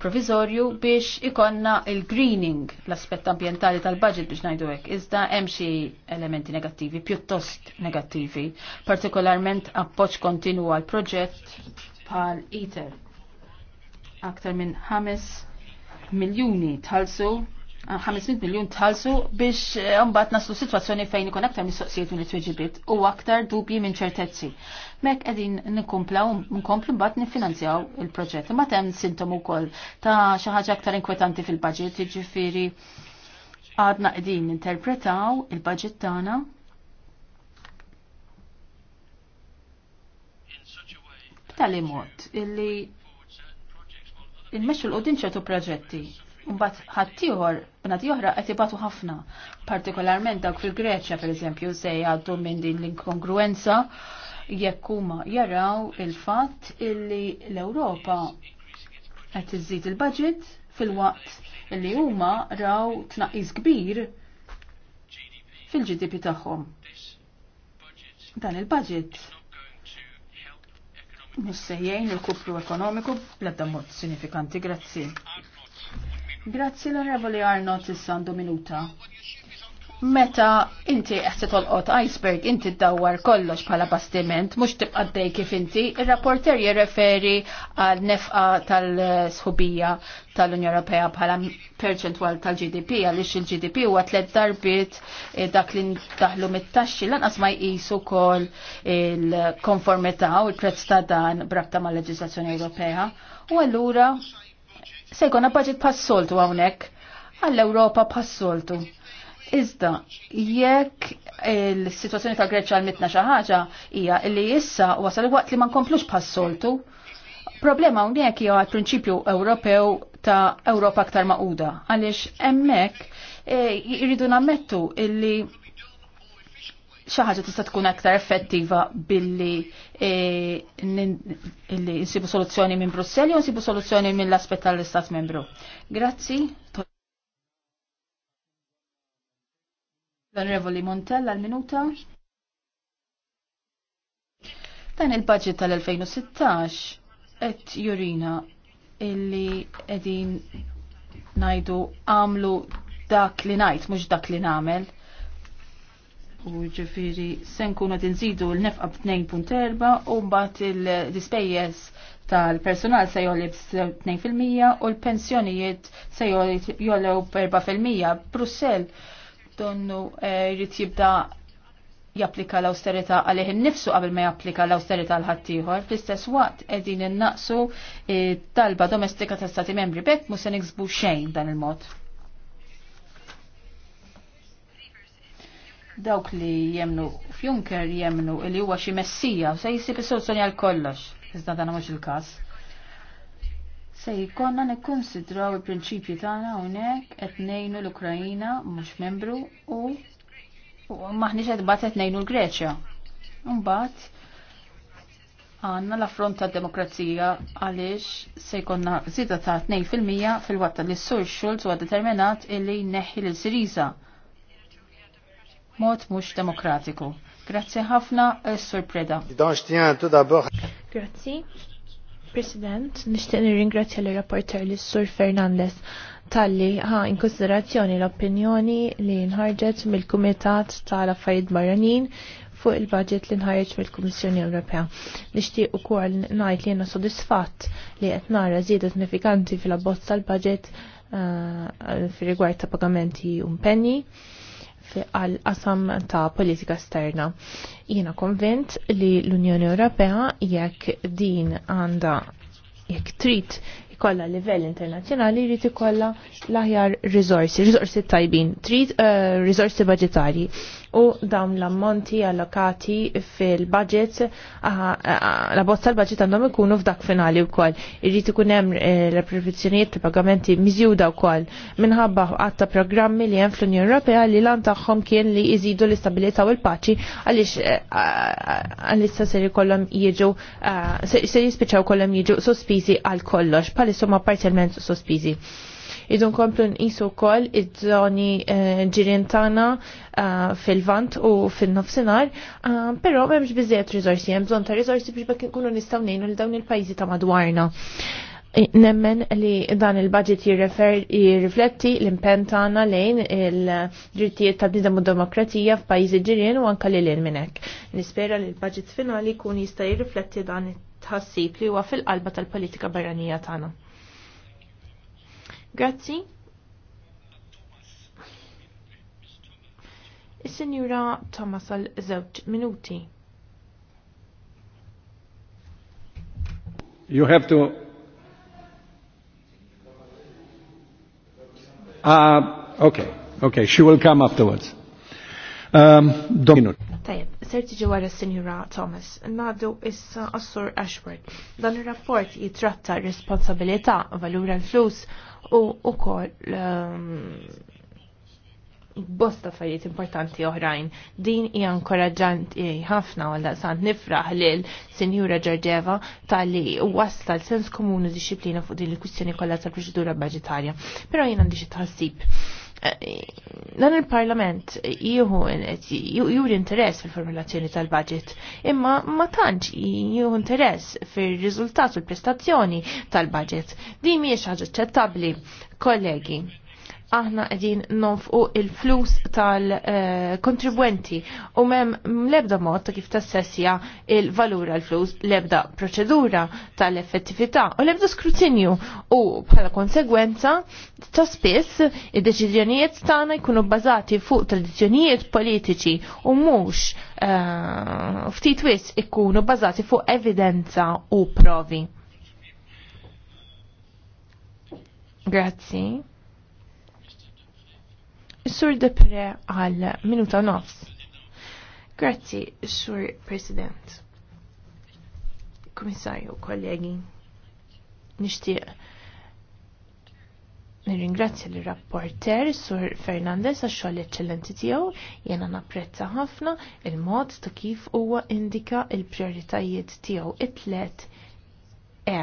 provizorju biex ikonna il-greening l-aspett ambientali tal-budget biex najdu hekk. Iżda hemm xi elementi negattivi, pjuttost negattivi, partikolarment appoġġ kontinwu għal proġett bħal ITER aktar minn 5 miljuni tħalsu 500 ah, miljon talsu biex eh, mbagħad naslu sitwazzjoni fejn ikun aktar mistoqsijiet minn it-tweġibiet u aktar dubji minn ċertezzi. Mek qegħdin nikkumplaw nkomplu mbagħad niffinanzjaw il-proġett. Imma hemm sintom ukoll ta' xi ħaġa aktar inkwetanti fil budget jiġifieri għadna qegħdin ninterpretaw il budget tagħna b'tali mod illi il-mexxu l-qudin ċertu proġetti. Mbatt ħaddieħor b'nadi oħra qed ħafna, partikolarment dawk fil-Greċja pereżempju se jgħaddu minn din l-inkongruenza jekk huma jaraw il-fatt illi l-Ewropa qed iżid il-budget fil-waqt illi huma raw tnaqqis kbir fil-GDP tagħhom. Dan il-budget mussejjejn il kuplu ekonomiku bl mod sinifikanti. Grazzi. Grazzi l-Onorevoli Arnott, is-sandu minuta meta inti qed tolqot iceberg inti ddawwar kollox bħala bastiment mhux tibqa' dej kif inti. Ir-rapporter jirreferi għal nefqa tal-sħubija tal unja Ewropea bħala perċentwal tal-GDP għaliex il-GDP huwa tliet darbit eh, dak li ndaħlu mit-taxxi lanqas ma jqisu wkoll il-konformità u l-prezz ta' dan brabta mal-leġiżlazzjoni Ewropea. U allura se jkun budget pas-soltu hawnhekk għall-Ewropa pas-soltu. Iżda, jekk il-situazzjoni ta' Greċja għalmitna xi ħaġa hija li issa wasal waqt li ma nkomplux bħas-soltu. Problema hawnhekk hija l-prinċipju Ewropew ta' Ewropa aktar maquda għaliex hemmhekk e, jiridu nammettu illi xi ħaġa tista' tkun aktar effettiva billi e, illi nsibu soluzzjoni minn Brussel u nsibu soluzzjoni mill aspetta tal-Istat Membru. Grazzi. L-Onorevoli Montella l-minuta. Dan il-budget tal-2016 et jurina illi edin najdu għamlu dak li najt, mux dak li namel. U ġifiri, senkun għad nżidu l-nefqa b-2.4 u bat il-dispejjes tal-personal se jolli b-2% u l-pensjonijiet se jolli b-4%. Brussel donnu eh, jrid jibda japplika l-austerita għalih innifsu qabel ma japplika l-austerita l-ħattijħor, fl-istess waqt edin innaqsu eh, talba domestika ta' stati membri bekk mu se niksbu xejn dan il-mod. Dawk li jemnu f'Junker jemnu li huwa xi messija se jsib is-soluzzjoni għal kollox, iżda dan mhux il-każ. Se jkonna nekonsidraw il prinċipju tagħna hawnhekk qed ngħinu l-Ukrajina mhux membru u m'aħniex qed bad qed ngħinu l-Greċja. Mbagħad għandna l-affront tad demokrazija għaliex se jkollna żieda ta' 2% fil-watta li s-sur Schulz huwa determinat illi jneħħi l siriza Mod mhux demokratiku. Grazzi ħafna s-sur eh, Preda. Grazzi. President, nishtiq nirringrazzja l rapporter li Sur Fernandez talli ħa in konsiderazzjoni l-opinjoni li nħarġet mill-Kumitat tal-Affarijiet Barranin fuq il-budget li nħarġ mill-Kummissjoni Ewropea. Nixtieq ukoll ngħid li jiena sodisfatt li qed nara żieda sinifikanti fil-abbozz tal-budget uh, fir rigward ta' pagamenti u penni għal qasam ta' politika sterna. Jiena konvent li l-Unjoni Ewropea jekk din għandha jekk trid ikolla livell internazzjonali jrid ikolla l-aħjar risorsi, risorsi tajbin, trid uh, risorsi budgetari u dawn l-ammonti allokati fil-budget, la bozza l-budget għandhom ikunu f'dak finali u koll. Irrit ikun hemm eh, l-approvazzjonijiet ta' pagamenti miżjuda u koll minħabba għatta programmi li hemm fl-Unjoni Ewropea li lan tagħhom kien li jżidu l-istabilità u l-paċi għaliex eh, għalissa eh, se jkollhom jiġu se jispiċċaw kollhom jiġu sospiżi għal kollox, bħalissu ma parzjalment sospiżi idun komplu nqisu wkoll id żoni eh, ġirien tagħna eh, fil-vant u fin-nofsinhar, eh, però m'hemmx biżejjed rizorsi, hemm bżonn ta' rizorsi biex bekk inkunu nistgħu ngħinu li dawn il-pajjiżi ta' madwarna. Nemmen li dan il-budget jirrifletti l impentana tagħna lejn il-drittijiet ta' bnidem u demokratija f'pajjiżi ġirien u anke lil minnek. Nispera li l-budget finali kun jista' jirrifletti dan it-tħassib li huwa fil-qalba tal-politika barranija tagħna. Grazzi. Is-Sinjura Thomas għal żewġ minuti. You have to Ah, uh, okay, okay, she will come afterwards. Um, Dominut. Tajib, serti ġewara Sinjura Thomas, nadu issa Assur Ashford. Dan il-rapport jitratta responsabilita, valura għal-flus, u ukoll ehm, bosta affarijiet importanti oħrajn. Din hija inkoraġġanti ħafna għal sant nifraħ lil Senjura Ġarġeva tal-li wasla l-sens komuni disciplina fuq din il-kwistjoni kollha tal-proċedura budgetarja. Però jien għandi xi tħassib Eh, dan il-parlament jihu juri interess fil-formulazzjoni tal-budget, imma ma tantx jihu interess fil-riżultat u l-prestazzjoni tal-budget. Dimi miex ħaġa ċettabli, kollegi aħna qegħdin nonfqu il-flus tal-kontribwenti u mem lebda mod ta' kif tassessja il-valur għal-flus lebda proċedura tal-effettività u lebda skrutinju u bħala konsegwenza ta' spiss id-deċiżjonijiet tagħna jkunu bazati fuq tradizzjonijiet politiċi u mhux eh, ftit wis ikunu bazati fuq evidenza u provi. Grazie. Sur Depre għal minuta nofs. Grazzi, Sur President. Komissarju, kollegi, nishtiq nirringrazzja l rapporter Sur Fernandez għax xogħol eċċellenti tiegħu, jiena napprezza ħafna il-mod ta' kif huwa indika il-prioritajiet tiegħu it-tlet E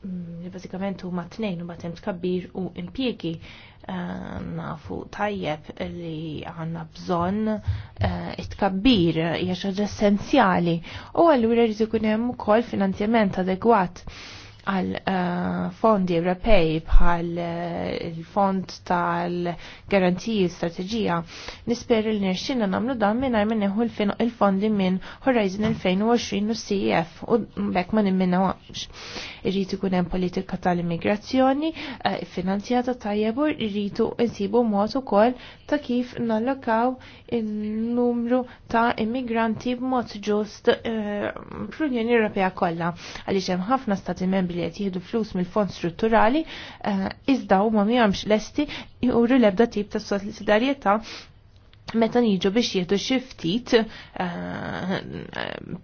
li mm, bazzikament huma tnejn u batem tkabbir u impieki ehm, nafu tajjeb li għanna bżon eh, it-tkabbir jaxħġ essenzjali u allura jrid ikun hemm ukoll finanzjament adegwat għal eh, fondi Ewropej bħal eh, il-fond tal garantiji strategija nisper il nirxina namlu dan minna minneħu il-fondi minn Horizon 2020 u CEF u bekk ma nimminna għamx. Irritu kunem politika tal-immigrazzjoni eh, finanzjata tajjebur irritu insibu mod ukoll ta' kif nallokaw il-numru ta' immigranti b'mod ġust fl-Unjoni Ewropea kollha għaliex hemm ħafna stati membri li qed jieħdu flus mill-fond strutturali eh, iżda huma mihomx lesti juru l-ebda tip ta' solidarjetà meta niġu biex jieħdu xi ftit eh,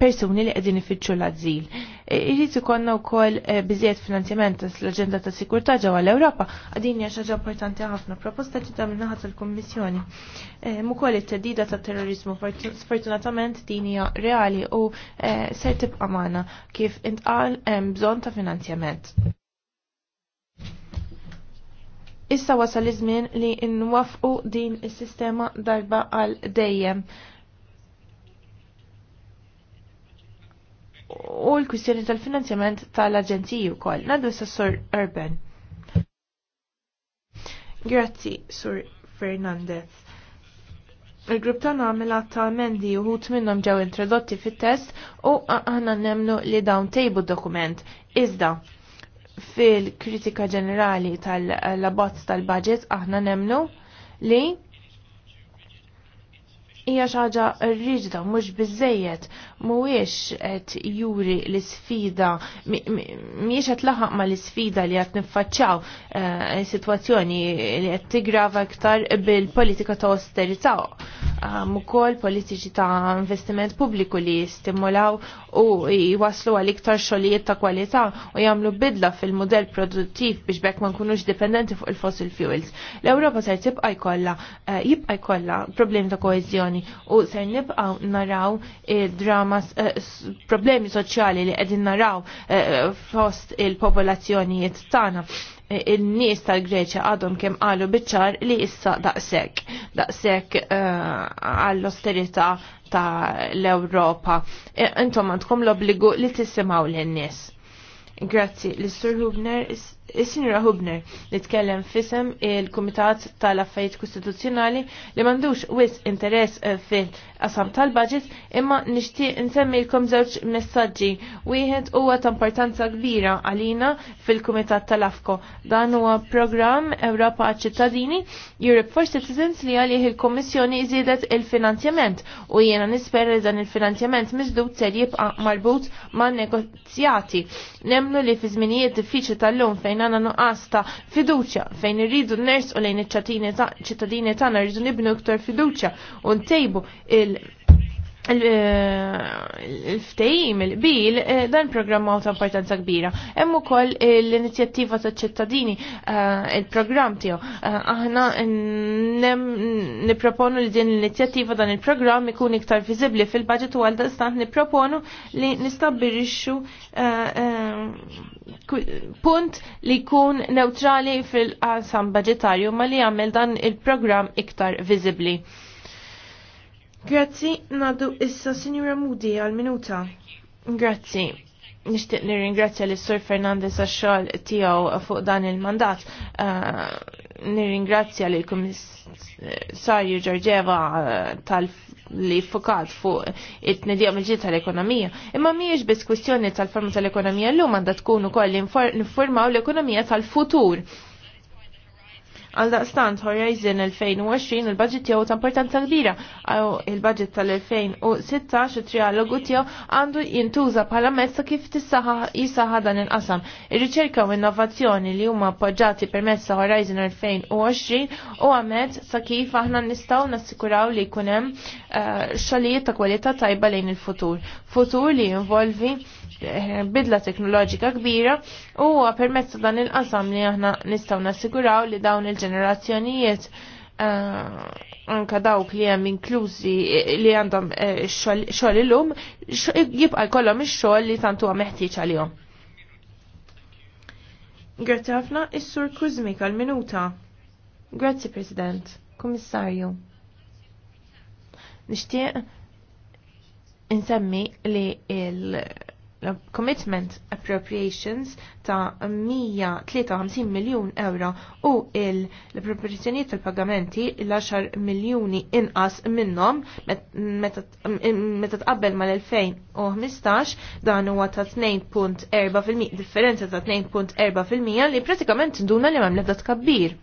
persuni li qegħdin ifittxu l-azil. E, Irrid ikollna wkoll eh, biżjed finanzjament l-aġenda ta' sikurtà ġewwa l-Ewropa għadin hija ħaġa importanti ħafna proposta ġita minn naħa tal-Kummissjoni. Ukoll it-teddida ta' terrorizmu sfortunatament din hija reali u eh, ser tibqa' magħna kif intqal hemm bżonn ta' finanzjament. Issa wasal iż-żmien li nwafqu din is-sistema darba għal dejjem. U l-kwistjoni tal-finanzjament tal-aġenziji wkoll. Nadu issa Sur Urban. Grazzi, Sur Fernandez. Il-grupp ta' namela ta' mendi uħut minnom ġew introdotti fit-test u aħna nemnu li dawn tejbu dokument. Iżda, fil-kritika ġenerali tal-abbozz tal-budget aħna nemnu li hija xi ħaġa riġda mhux biżejjed mhuwiex qed juri l-isfida mhijiex qed laħaq ma l-isfida li qed niffaċċaw uh, eh, sitwazzjoni li qed tigrava iktar bil-politika ta' austerità. Um, ukoll politiċi ta' investiment pubbliku li jistimulaw u jwaslu għal iktar xogħlijiet ta' kwalità u jagħmlu bidla fil mudell produttiv biex bekk ma nkunux dipendenti fuq il-fossil fuels. L-Ewropa ser tibqa' jkollha eh, jibqa' jkollha problemi ta' koeżjoni u ser nibqa' naraw il-drama ma eh, problemi soċjali li qegħdin naraw eh, fost il-popolazzjonijiet tagħna eh, il-nies tal-Greċja għadhom kemm qalu biċċar li issa daqshekk daqshekk għall osterità ta' l-Ewropa. Intom għandkom l-obbligu li tissimgħu lin-nies. Grazzi, l-Sur Hubner Is-Sinjura Hubner li tkellem fisem il-Kumitat tal-Affarijiet Kostituzzjonali li m'għandux wis interess eh, fil-qasam tal-budget imma nixtieq zewċ żewġ messaġġi. Wieħed huwa ta' importanza kbira għalina fil-Kumitat tal-Afko. Dan huwa programm Ewropa ċittadini Europe for Citizens li għalih il-Kommissjoni żiedet il-finanzjament u jiena nispera li dan il-finanzjament miżdud ser jibqa' marbut ma' negozjati. Nemnu li fi żminijiet diffiċli tal-lum fejn fejn għandna nuqqas ta' fiduċja fejn irridu ners u lejn iċ-ċittadini tagħna rridu nibnu iktar fiduċja u ntejbu il- eh, il-ftejim, il-bil, eh, dan programma ta' importanza kbira. Hemm ukoll l-inizjattiva ta' ċittadini, eh, il-programm tiegħu. Aħna nipproponu li din l-inizjattiva dan il-programm ikun iktar viżibbli fil-budget u għalda stant nipproponu li nistabbilixxu punt li jkun neutrali fil-qasam budgetarju ma li jagħmel dan il-programm iktar viżibbli. Grazzi, nadu issa Sinjura Moody għal-minuta. Grazzi nishtiq nirringrazzja li sur Fernandez għax-xogħol tiegħu fuq dan il-mandat. Uh, nirringrazzja li l-Kummissarju Ġorġeva uh, tal li fukat fuq it-nedija mill-ġiet tal-ekonomija. Imma mhijiex biss kwistjoni tal-forma tal-ekonomija llum għandha tkun ukoll nifformaw l-ekonomija tal-futur. tal futur Għal daqstant Horizon 2020 il-budget tiegħu ta' importanza kbira għaw il-budget tal-2016 it-trialogu tiegħu għandu jintuża bħala mezza kif tissaħa jisaħa dan il-qasam. Ir-riċerka u innovazzjoni li huma appoġġati permezz ta' Horizon 2020 u għamet sa kif aħna nistgħu nassikuraw li jkun hemm eh, xogħlijiet ta' kwalità tajba lejn il-futur. Futur li jinvolvi bidla teknoloġika kbira u permezz dan il-qasam li aħna nistgħu nassiguraw li dawn il-ġenerazzjonijiet eh, anka dawk li hemm inklużi eh, li għandhom eh, xogħol illum jibqa' jkollhom ix-xogħol li tant huwa meħtieġ għalihom. Grazzi ħafna is-Sur Kuzmik għal-minuta. Grazzi President, Kummissarju. Nixtieq insemmi li il- commitment appropriations ta' 153 miljun euro u l proporzjoniet tal-pagamenti l-10 miljuni inqas minnhom meta tqabbel mal-2015 dan huwa ta' 2.4% differenza ta' 2.4% li pratikament nduna li m'hemm l tkabbir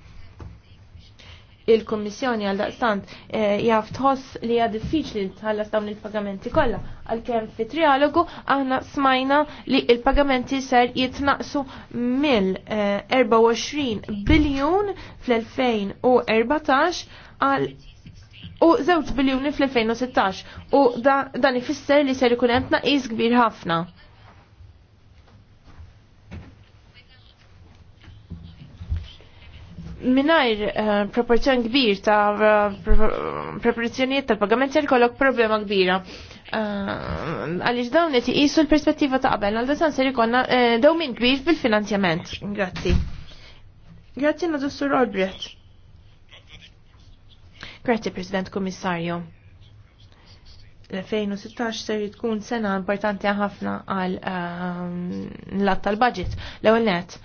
il-Kommissjoni għal daqstant eh, jaf tħoss li hija diffiċli tħallas dawn il-pagamenti kollha għalkemm fi trialogu aħna smajna li il-pagamenti ser jitnaqsu mill-24 eh, biljun fl-2014 għal u 2 biljuni fl-2016 u dan ifisser li ser ikun hemm tnaqqis kbir ħafna. minajr eh, proporzjon kbir ta' proporzjoniet pagament pagamenti jkollok problema kbira. Eh, Għalix dawn qed iqisu l-perspettiva ta' qabel, għal se jkollna eh, dew min kbir bil-finanzjament. Grazzi. Grazzi na Dussur Albrecht. Grazzi President Kummissarju. L-2016 ser tkun sena importanti ħafna għal l-att tal-budget. L-ewwel net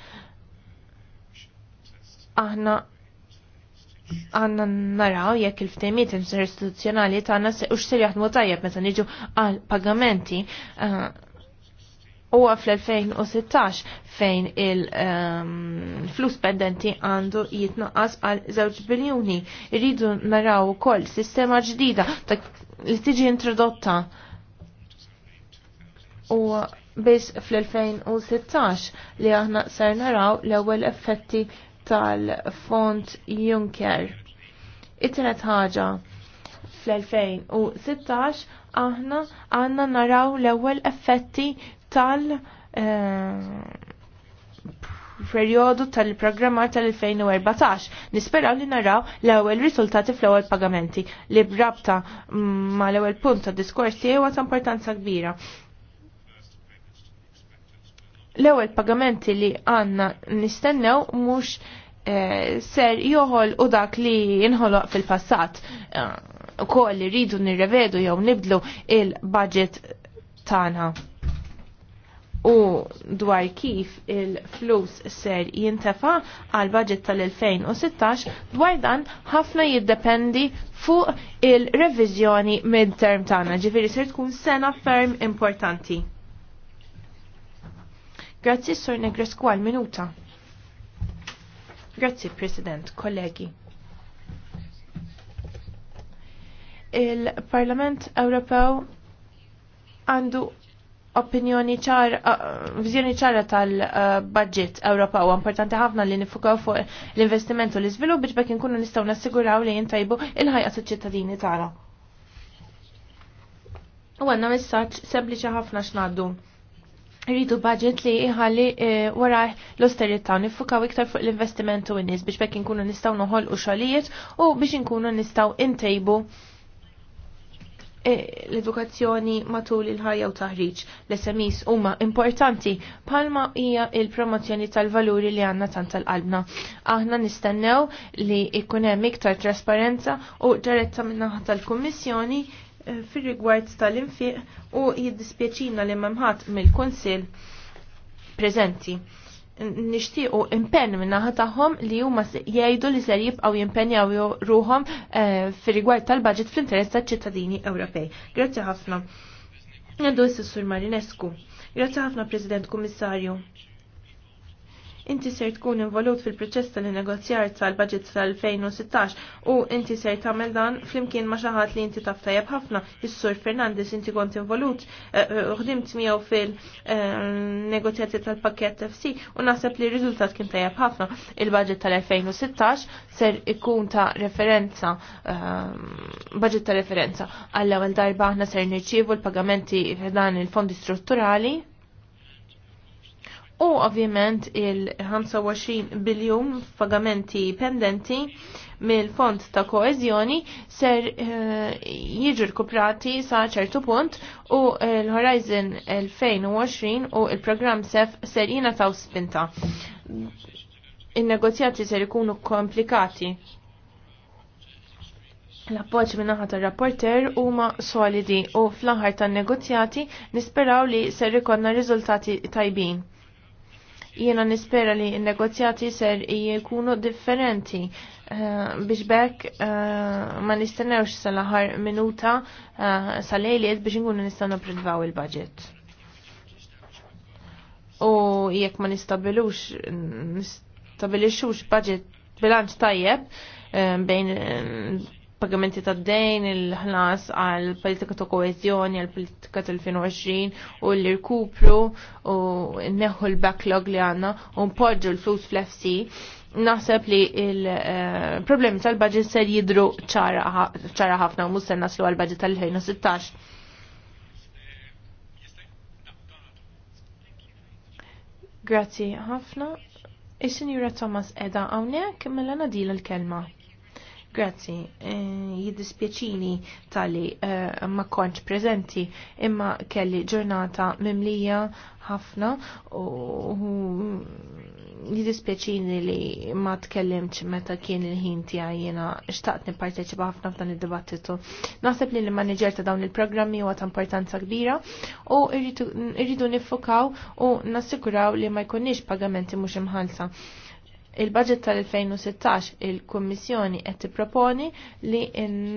aħna għanna naraw jekk il-ftemiet ta' tagħna u x'ser jaħdmu tajjeb meta niġu għal pagamenti eh, huwa fl-2016 fejn il-flus ehm, pendenti għandu jitnaqqas għal 2 biljuni. Irridu naraw ukoll sistema ġdida li tiġi introdotta u biss fl-2016 li aħna ser naraw l-ewwel effetti tal font Juncker. It-tret ħaġa fl-2016 aħna għanna naraw l-ewwel effetti tal- eh, periodu tal-programmar tal-2014. Nisperaw li naraw l-ewwel risultati fl-ewwel pagamenti li brabta mm, ma l-ewwel punt ta' diskors tiegħu ta' importanza kbira l-ewwel pagamenti li għandna nistennew mhux eh, ser joħol u dak li jinħoloq fil-passat. Eh, ukoll li rridu nirrevedu jew nibdlu il-budget tagħna. U dwar kif il-flus ser jintefa għal budget tal-2016, dwar dan ħafna jiddependi fuq il-revizjoni mid-term tagħna, ġifieri ser tkun sena ferm importanti. Grazzi, Sur Negresku, għal minuta. Grazzi, President, kollegi. Il-Parlament Ewropew għandu opinjoni ċar, uh, vizjoni ċara tal-budget uh, Ewropew importanti ħafna li nifukaw fuq l-investiment u l-iżvilupp biex bekk inkunu nistgħu nassiguraw li jintajbu il-ħajja tal-ċittadini tagħna. U għandna messaġġ sempliċi ħafna x'ngħaddu rridu budget li jħalli eh, wara l-austerità nifukaw iktar fuq l-investimentu n nies biex bekk inkunu nistgħu noħolqu xogħlijiet u biex inkunu nistgħu intejbu eh, l-edukazzjoni matul il-ħajja u taħriġ. L-SMIs huma importanti palma hija il-promozzjoni tal-valuri li għanna tant tal-qalbna. Aħna nistennew li ikun hemm iktar trasparenza u ġaretta minnaħa tal-Kummissjoni Eh, fir-rigward tal-infiq u jiddispjaċina li memħat mill-Kunsill preżenti. Nixtiequ impenn minnaħa tagħhom li huma jgħidu li ser jibqgħu jimpenjaw ruhom eh, fir-rigward tal-budget fl-interess tal-ċittadini Ewropej. Grazzi ħafna. Għandu s-sur Marinescu. Grazzi ħafna President Kummissarju inti ser tkun involut fil-proċess tal-negozjar tal-budget tal-2016 u inti ser tagħmel dan flimkien ma' xi ħadd li inti taf tajjeb ħafna, is-Sur Fernandez inti kont involut eh, eh, ħdimt miegħu fil-negozjati eh, tal-pakkett FC u naħseb li r-riżultat kien tajjeb ħafna. Il-budget tal-2016 ser ikun ta' referenza budget ta' referenza għall-ewwel darba aħna ser nirċievu l-pagamenti f'dan il-fondi strutturali u ovvjament il-25 biljum pagamenti pendenti mill-fond ta' koezjoni ser eh, jiġu rkuprati sa' ċertu punt u l-Horizon 2020 u il-programm SEF ser jina ta' spinta. Il-negozjati ser ikunu komplikati L-appoġġ minn naħa tar-rapporter huma solidi u fl-aħħar tan-negozjati nisperaw li ser ikonna riżultati tajbin. Jiena nispera li n-negozjati ser jkunu differenti uh, biex bekk uh, ma nistennewx sal-aħar minuta uh, sal-lejliet biex nkunu nistgħu pridvaw il-budget. U jekk ma nistabilux nistabilixux budget bilanċ tajjeb bejn pagamenti ta' dejn il-ħlas għal politika ta' koezjoni, għal politika tal-2020 u l-irkupru u neħu l-backlog li għanna u mpoġġu l-flus fl-FC naħseb li il-problemi eh, tal-budget ser jidru ċara ħafna u mussen naslu għal-budget tal-2016. Grazzi ħafna. Is-Sinjura Thomas edha hawnhekk mela nadila l-kelma. Grazzi, eh, jiddispjaċini tali eh, ma konċ prezenti imma kelli ġurnata mimlija ħafna u jiddispieċini li ma tkellimx meta kien il-ħin tiegħi għajjena xtaqt nipparteċipa ħafna f'dan id-dibattitu. Naħseb li l-manager ta' dawn il-programmi huwa ta' importanza kbira u irridu nifokaw u nassiguraw li ma jkunniex pagamenti mhux imħalsa il-budget tal-2016 il-Kummissjoni qed tipproponi li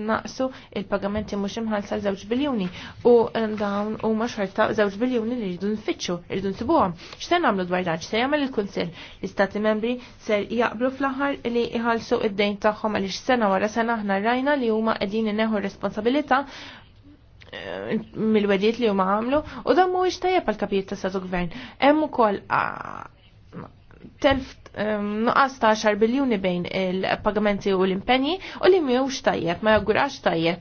naqsu il-pagamenti mhux imħallsa żewġ biljuni u um, dawn huma xorta żewġ biljuni li rridu nfittxu, rridu nsibuhom. X'se nagħmlu dwar dan? X'se jagħmel il-Kunsill? L-Istati membri ser jaqblu fl-aħħar li jħallsu id-dejn tagħhom għaliex sena wara sena aħna rajna li huma qegħdin ineħħu responsabilità eh, mill-wedijiet li huma għamlu u dan mhuwiex tajjeb għal kapijiet ta' statu gvern. Hemm ukoll ah, telf nuqqas ta' 10 biljuni bejn il-pagamenti u l-impenji u li miewx tajjeb, ma jaggurax tajjeb.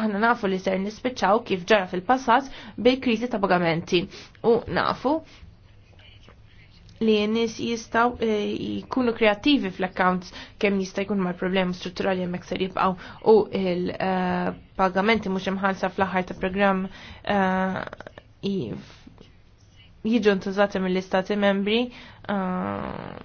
Aħna nafu li ser nispiċċaw kif ġara fil-passat bej kriżi ta' pagamenti u nafu li n-nis jistaw e, jkunu kreativi fl-accounts kemm jista' jkun mal problemi strutturali jemmek ser jibqgħu u l e, pagamenti mhux imħallsa fl-aħħar ta' programm e, jiġu ntużati mill-istati membri uh,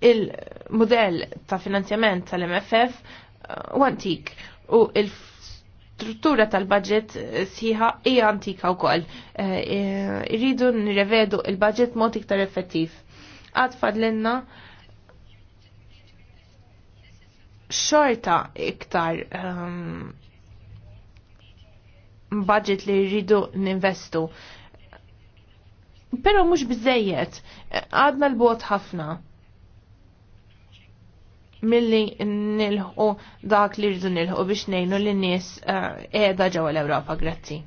il-modell ta' finanzjament tal-MFF uh, u antik u il-struttura tal-budget uh, siħa hija antika wkoll. Uh, irridu nirrevedu il-budget mod iktar effettiv. Għad fadlenna xorta iktar um, budget li rridu ninvestu. Pero mux bizzejiet, għadna l-bot ħafna. Milli nilħu dak li rridu nilħu biex nejnu li nies eh, edha ġewwa l-Ewropa, grazzi.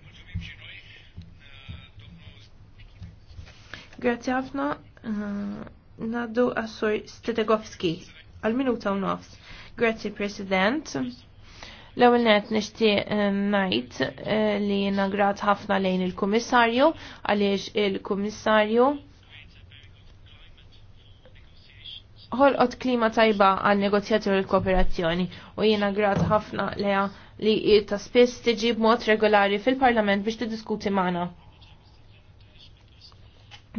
Grazzi ħafna. Eh, naddu għassur Stetegowski għal-minuta u nofs. Grazzi, President. L-ewwel net nixtieq eh, ngħid eh, li nagrat ħafna lejn il-Kummissarju għaliex il-Kummissarju ħolqot klima tajba għal negozjatur u l-kooperazzjoni u jiena grat ħafna leha li ta' spiss tiġi b'mod regolari fil-Parlament biex tiddiskuti magħna.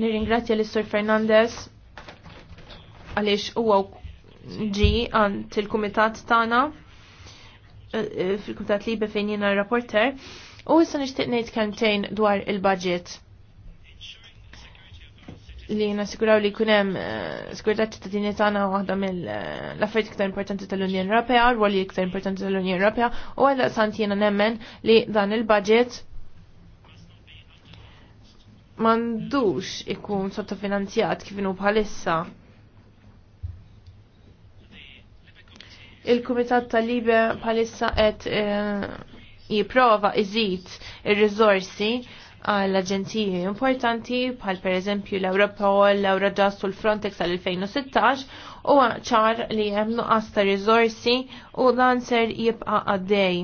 Nirringrazzja l-Sur Fernandez għaliex huwa ġi għand il-Kumitat tagħna. Eh, eh, fil-Kumitat Libe fejn jiena rapporter u issa nixtieq ngħid kemmtejn dwar il-budget li nasiguraw li kunem uh, eh, sigurtà ċittadini tagħna waħda mill-affarijiet iktar importanti tal Europea, u rwoli iktar importanti tal-Unjoni Europea, u għal sant jiena nemmen li dan il-budget mandux ikun sottofinanzjat kif inhu bħalissa. Il-Kumitat tal libja bħalissa qed eh, jipprova iżid ir-riżorsi għall aġenziji importanti bħal per eżempju l-Europol, l-Eurojust u l-Frontex għal-2016 u ċar li hemm nuqqas ta' riżorsi u dan ser jibqa' għaddej.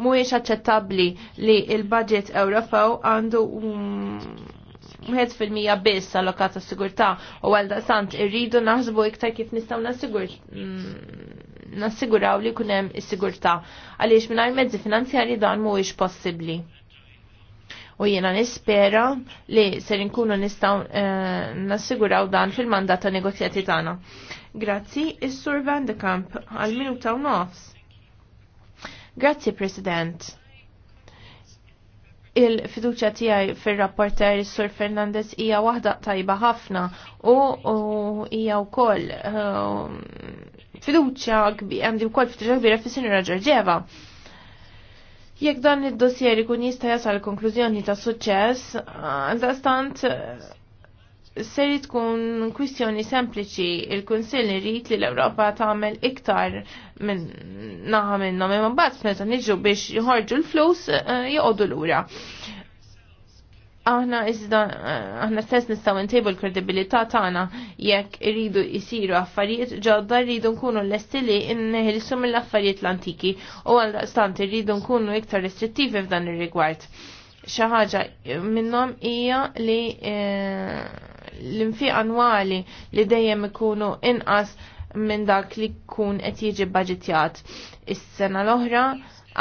Mhuwiex aċċettabbli li l-budget Ewropew għandu mħed mm, fil-mija biss allokata sigurtà u għal sant irridu naħsbu iktar kif nistgħu nassigurtaw mm, nassiguraw li kunem is-sigurtà għaliex mingħajr mezzi finanzjarji dan mhuwiex possibbli. U jiena nispera li ser inkunu nistgħu eh, nassiguraw dan fil-mandat ta' negozjati tagħna. Grazzi, is-Sur Van de Kamp għal minuta u nofs. Grazzi, President il-fiduċa tiegħi fir-rapporter Sur Fernandez hija waħda tajba ħafna u hija wkoll eh, fiduċja għandi wkoll fiduċja kbira fis-Sinjora Ġorġeva. Jekk dan id-dossier ikun jista' jasal konklużjoni ta' suċċess, għaldastant eh, seri tkun kwistjoni sempliċi il-Kunsill irid li l-Ewropa tagħmel iktar minn naħa minnhom imma mbagħad meta niġu biex jħorġu l-flus eh, joqogħdu lura. ura aħna iżda eh, aħna stess nistgħu ntejbu l-kredibilità tagħna jekk iridu jsiru affarijiet ġodda rridu nkunu lestili inneħilsu mill-affarijiet l-antiki u għal stant irridu nkunu iktar restrittivi f'dan ir-rigward. Xi ħaġa minnhom hija li eh, l-infiq annwali li dejjem ikunu inqas minn dak li kun qed jiġi budgetjat. Is-sena l-oħra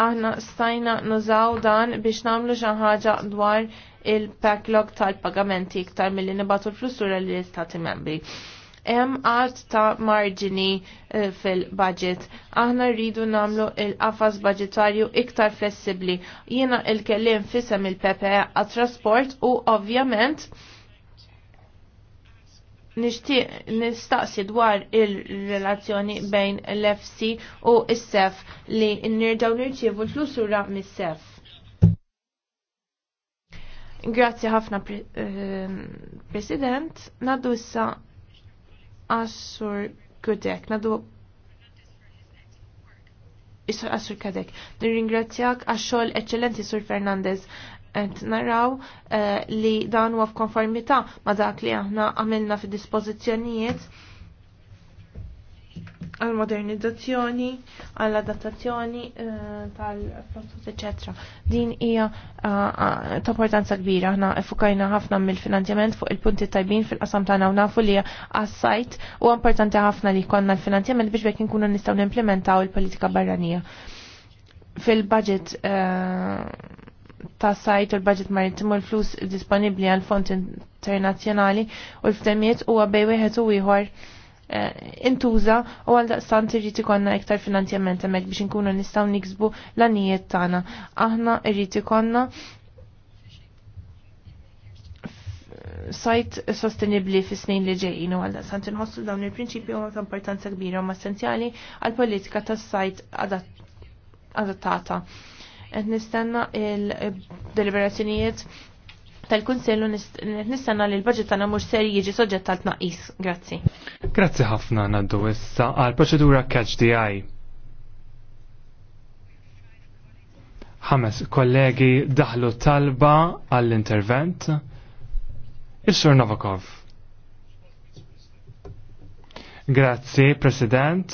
aħna stajna nużaw dan biex namlu xi ħaġa dwar il-backlog tal-pagamenti iktar mill-li nibatu l-flussura l-istati membri hemm art ta' marġini eh, fil-budget. Aħna rridu namlu il-qafas budgetarju iktar flessibli. Jiena il-kellim fisem il-PPE għat-trasport u ovvjament nistaqsi dwar il-relazzjoni bejn l-FC u s-sef li nirġaw nirċievu l-flusura mis-sef. Grazzi ħafna pre ehm, President, naddu issa Assur Kudek. naddu Isur Assur Kadek. Nirringrazzjak għax-xogħol Eccellenti Sur Fernandez ent naraw eh, li dan huwa f'konformità ma' dak li aħna għamilna fi dispozizjonijiet għal-modernizzazzjoni, għall-adattazzjoni eh, tal-flottot, etc. Din hija eh, ta' importanza kbira. Aħna fukajna ħafna mill-finanzjament fuq il-punti tajbin fil-qasam tagħna u nafu li għas-sajt u importanti ħafna li konna l-finanzjament biex bekk inkunu nistgħu nimplementaw il-politika barranija. Fil-budget eh, ta' sajt u l-budget marittimu l-flus disponibli għal-fond internazzjonali u l-ftemiet huwa bej wieħed u ieħor Eh, intuża u għal daqstant irrid ikonna iktar finanzjament hemmhekk biex inkunu nistgħu niksbu l-anijiet tagħna. Aħna irrid ikonna sajt sostenibli fi snin li ġejjin u għal daqstant inħossu dawn il-prinċipju huma ta' importanza kbira u essenzjali għal politika tas-sajt adattata. Qed nistenna il-deliberazzjonijiet tal-Kunsellu nistanna li l-budget tagħna mhux ser jiġi soġġett tal tnaqqis Grazzi. Grazzi ħafna Naddu issa għal proċedura catch the eye. Ħames kollegi daħlu talba għall-intervent. Il-Sur Novakov. Grazzi, President.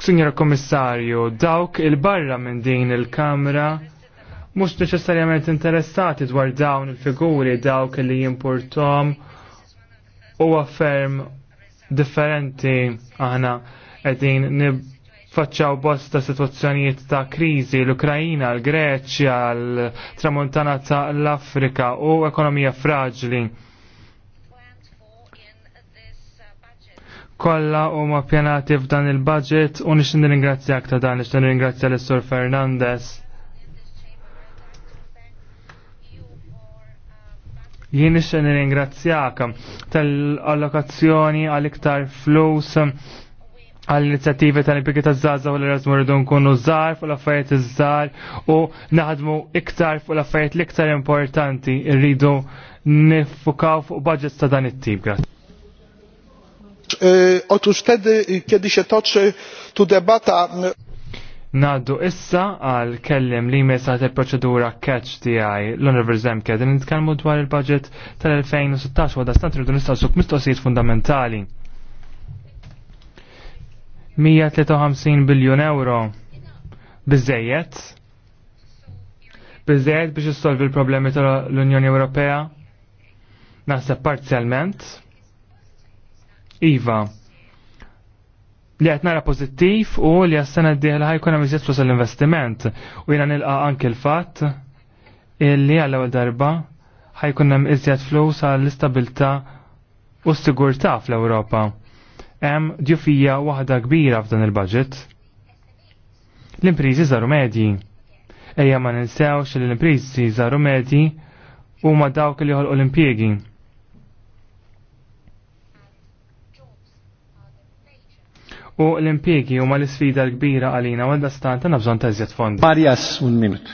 Signor Kommissarju, dawk il-barra minn din il-Kamra mhux neċessarjament interessati dwar dawn il-figuri dawk li jimportom u afferm differenti aħna qegħdin nifacċaw bosta situazzjonijiet ta' kriżi l-Ukrajina, l-Greċja, l-Tramontana ta' l-Afrika u ekonomija fragili. kolla u ma pjanati f'dan il-budget u nix ningrazzjak ta' dan, nix ningrazzja l-Sur Fernandez. Jien ixen ringrazzjak tal-allokazzjoni għal-iktar flus għall inizjativi tal impiki ta' Zaza u l-Erasmus rridu nkunu żgħar fuq l-affarijiet iż-żgħar u naħdmu iktar fuq l-affarijiet l-iktar importanti rridu nifukaw fuq budgets ta' dan it-tip. E, otóż wtedy, kiedy się toczy tu debata Naddu issa għal kellim li mesat il-proċedura catch TI l-Univer Zemke din nitkellmu dwar il-budget tal-2016 wada stant irridu suk mistoqsijiet fundamentali. 153 biljun euro biżejjed biżejjed biex jissolvi l-problemi tal-Unjoni Ewropea naħseb parzjalment. Iva, li għet nara pozittif u li għas-sena d-dihla ħajkun għam iżjed flus l-investiment u jina nilqa anke l-fat illi għall ewwel darba ħajkun hemm iżjed flus għall-istabilta u s-sigurta fl-Ewropa. Hemm djufija waħda kbira f'dan il-budget. L-imprizi żaru medji. Ejja ma ninsewx li l-imprizi żaru medji huma dawk li ħolqu l impjiegi u l-impiegi huma l-isfida l-kbira għalina għal dastan ta' nabżon ta' zjat fondi. Marjas, un minut.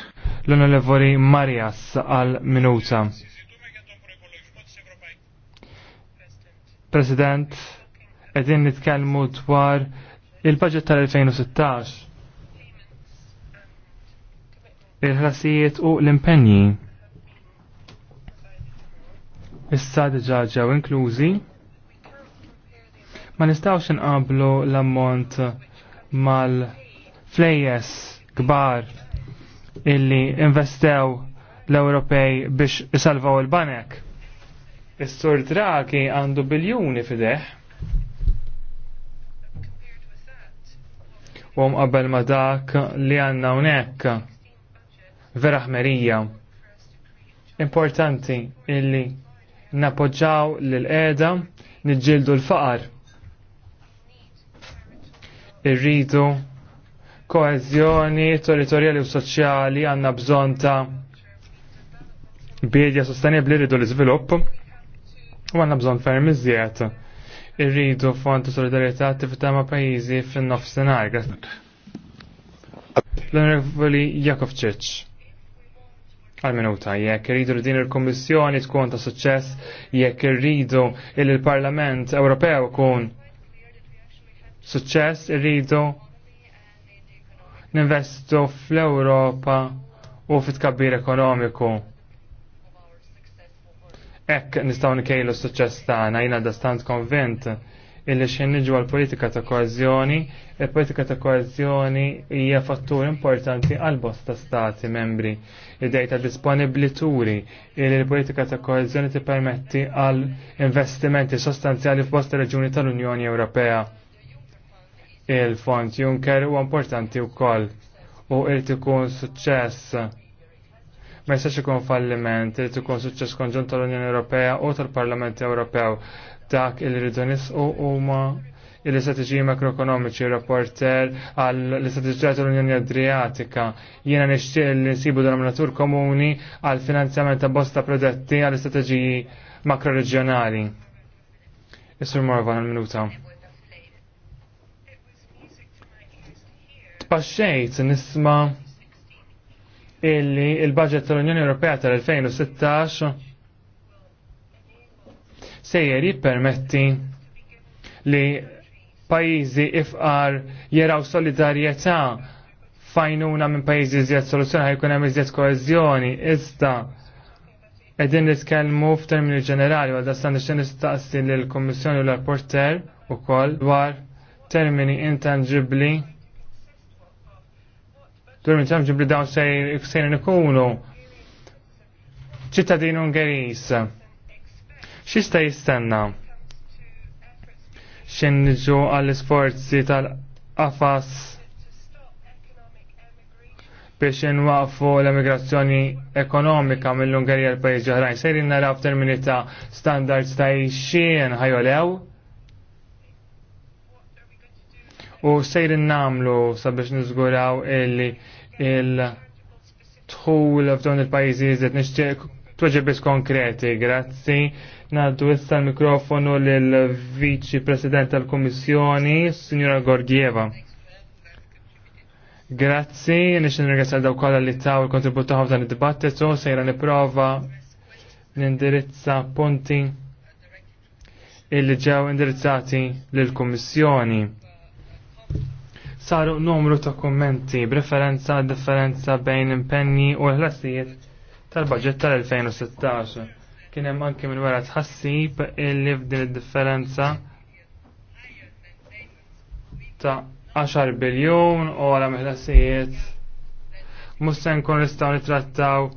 L-onorevoli Marjas għal minuta. President, edin nitkellmu dwar il-budget tal-2016. il ħrasijiet u l-impenji. Issa diġa ġew inklużi Ma nistawx nqablu l-ammont mal-flejjes kbar illi investew l-Ewropej biex isalvaw il-banek. Is-sur Draki għandu biljuni fideħ. U qabel ma dak li għanna unek vera ħmerija. Importanti illi napoġġaw l-qeda nġildu l-faqar irridu koezjoni territorjali u soċjali għanna bżon ta' bidja sostenibli rridu l-izvilupp u għanna bżon ferm iżjed. Irridu fond ta' solidarietà attività ma' pajjiżi fin-nofsinhar. L-Onorevoli Jakovčić għal-minuta, jekk irridu li din il-Kommissjoni tkun ta' suċċess, jekk irridu il-Parlament Ewropew kun suċċess irridu ninvestu fl-Ewropa u fit-kabbir ekonomiku. Ekk nistaw nikejlu s-suċċess tagħna jiena dastant konvint illi xi niġu għall politika ta' koeżjoni, il-politika ta' koeżjoni hija fattur importanti għal-bosta stati membri. Id-dejta disponibli turi illi l-politika ta' koeżjoni tippermetti għall għal-investimenti sostanzjali f'bosta reġuni tal-Unjoni Ewropea il-fond Juncker u importanti u koll u irrit ikun suċċess. Ma jistax ikun falliment, irrit ikun suċċess konġunt tal-Unjoni Ewropea u tal-Parlament Ewropew dak il-ridu nisqu huma l-istrateġiji makroekonomiċi rapporter għal l-istrateġija tal-Unjoni Adriatika. Jiena nixtieq li nsibu denominatur komuni għal finanzjament ta' bosta prodotti għal istrateġiji makroreġjonali. Isur Morvan, għal minuta tpaxxejt nisma illi il-budget tal-Unjoni Ewropea tal-2016 sejjer jippermetti li pajizi ifqar jeraw solidarjetà fajnuna minn pajizi zjed soluzzjoni ħajkun hemm iżjed koeżjoni, iżda qegħdin nitkellmu f'termini ġenerali għal dastan nixtieq nistaqsi lill-Kummissjoni u l-Rapporter ukoll dwar termini intangibbli Dur minn ċamġib li sejn ikunu ċittadin Ungeris. Xista jistenna? nġu għall-sforzi tal-qafas biex nwaqfu l-emigrazzjoni ekonomika mill-Ungerija l pajjiż oħrajn. Sejrin naraw f'termini ta' standards ta' ixxien ħajolew. U sejrin namlu sabiex nizguraw illi il-tħul f'dawn il-pajjiżi iżid nixtieq proġebis konkreti. Grazzi. Naddu issa l-mikrofonu lill-Viċi President tal-Kummissjoni, Signora Gorgieva. Grazzi, nix nirgazzal daw kolla li taw il-kontribut taħħu f'dan id-dibattitu, sejra niprofa nindirizza punti illi ġew indirizzati lill-Kummissjoni saru numru ta' kommenti b'referenza għad differenza bejn impenni u l-ħlasijiet tal-budget tal-2016. Kien hemm anke minn wara tħassib illi f'din id-differenza ta' 10 biljun u għala meħlasijiet mussen kun nistaw nitrattaw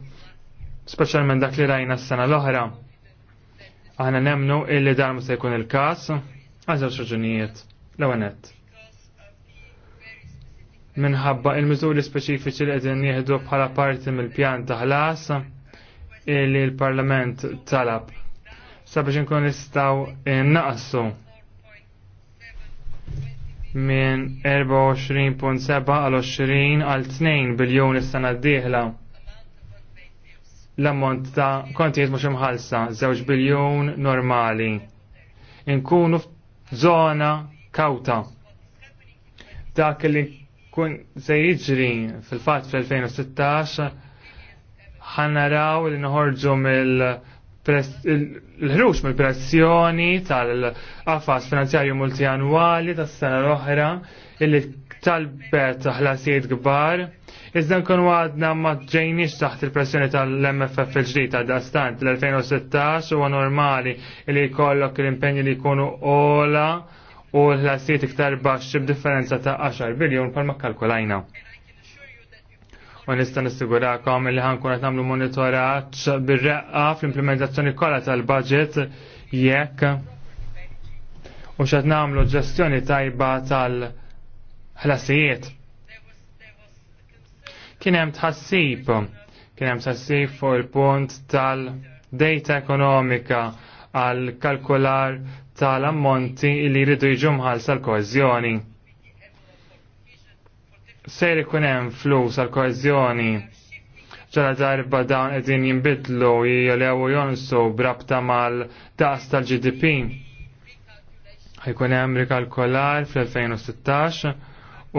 specialment dak li rajna s-sena l-oħra. Aħna nemnu illi dar se jkun il-kas għazaw xaġunijiet l-għanet minħabba il-miżuri speċifiċi li għedin jihdu bħala parti mill-pjan ta' ħlas li l-Parlament talab sabiex nkun nistaw eh, naqsu minn 24.7 għal 20 għal 2 biljun is-sena d-dieħla l-ammont ta' kontijiet mhux imħalsa, 2 biljun normali. nkunu f'żona kawta. Dak li kun se jiġri fil-fatt fl-2016 ħanaraw li nħorġu mill ħruġ mill-pressjoni tal-qafas finanzjarju multianwali tas-sena l-oħra illi talbet ħlasijiet kbar. Iżda nkun għadna ma ġejniex taħt il-pressjoni tal-MFF il-ġdid ta' dastant l-2016 huwa normali li jkollok l impegni li jkunu ola u l assiet iktar baxx b'differenza ta' 10 biljun palma kalkulajna. U nista' nissigurakom li ħankun qed nagħmlu monitoraġġ bir-reqqa fl-implementazzjoni kollha tal-budget jekk u x'qed nagħmlu ġestjoni tajba tal-ħlasijiet. Kien hemm tħassib, kien hemm tħassib fuq il-punt tal-data ekonomika għal kalkular tal-ammonti li jridu jiġu mħalsa l-koezjoni. Ser ikun hemm flus għal-koezjoni ċala darba dawn qegħdin jinbidlu jgħalew jonsu brabta mal-daqs tal-GDP. Ħajkun hemm rikalkolar fl-2016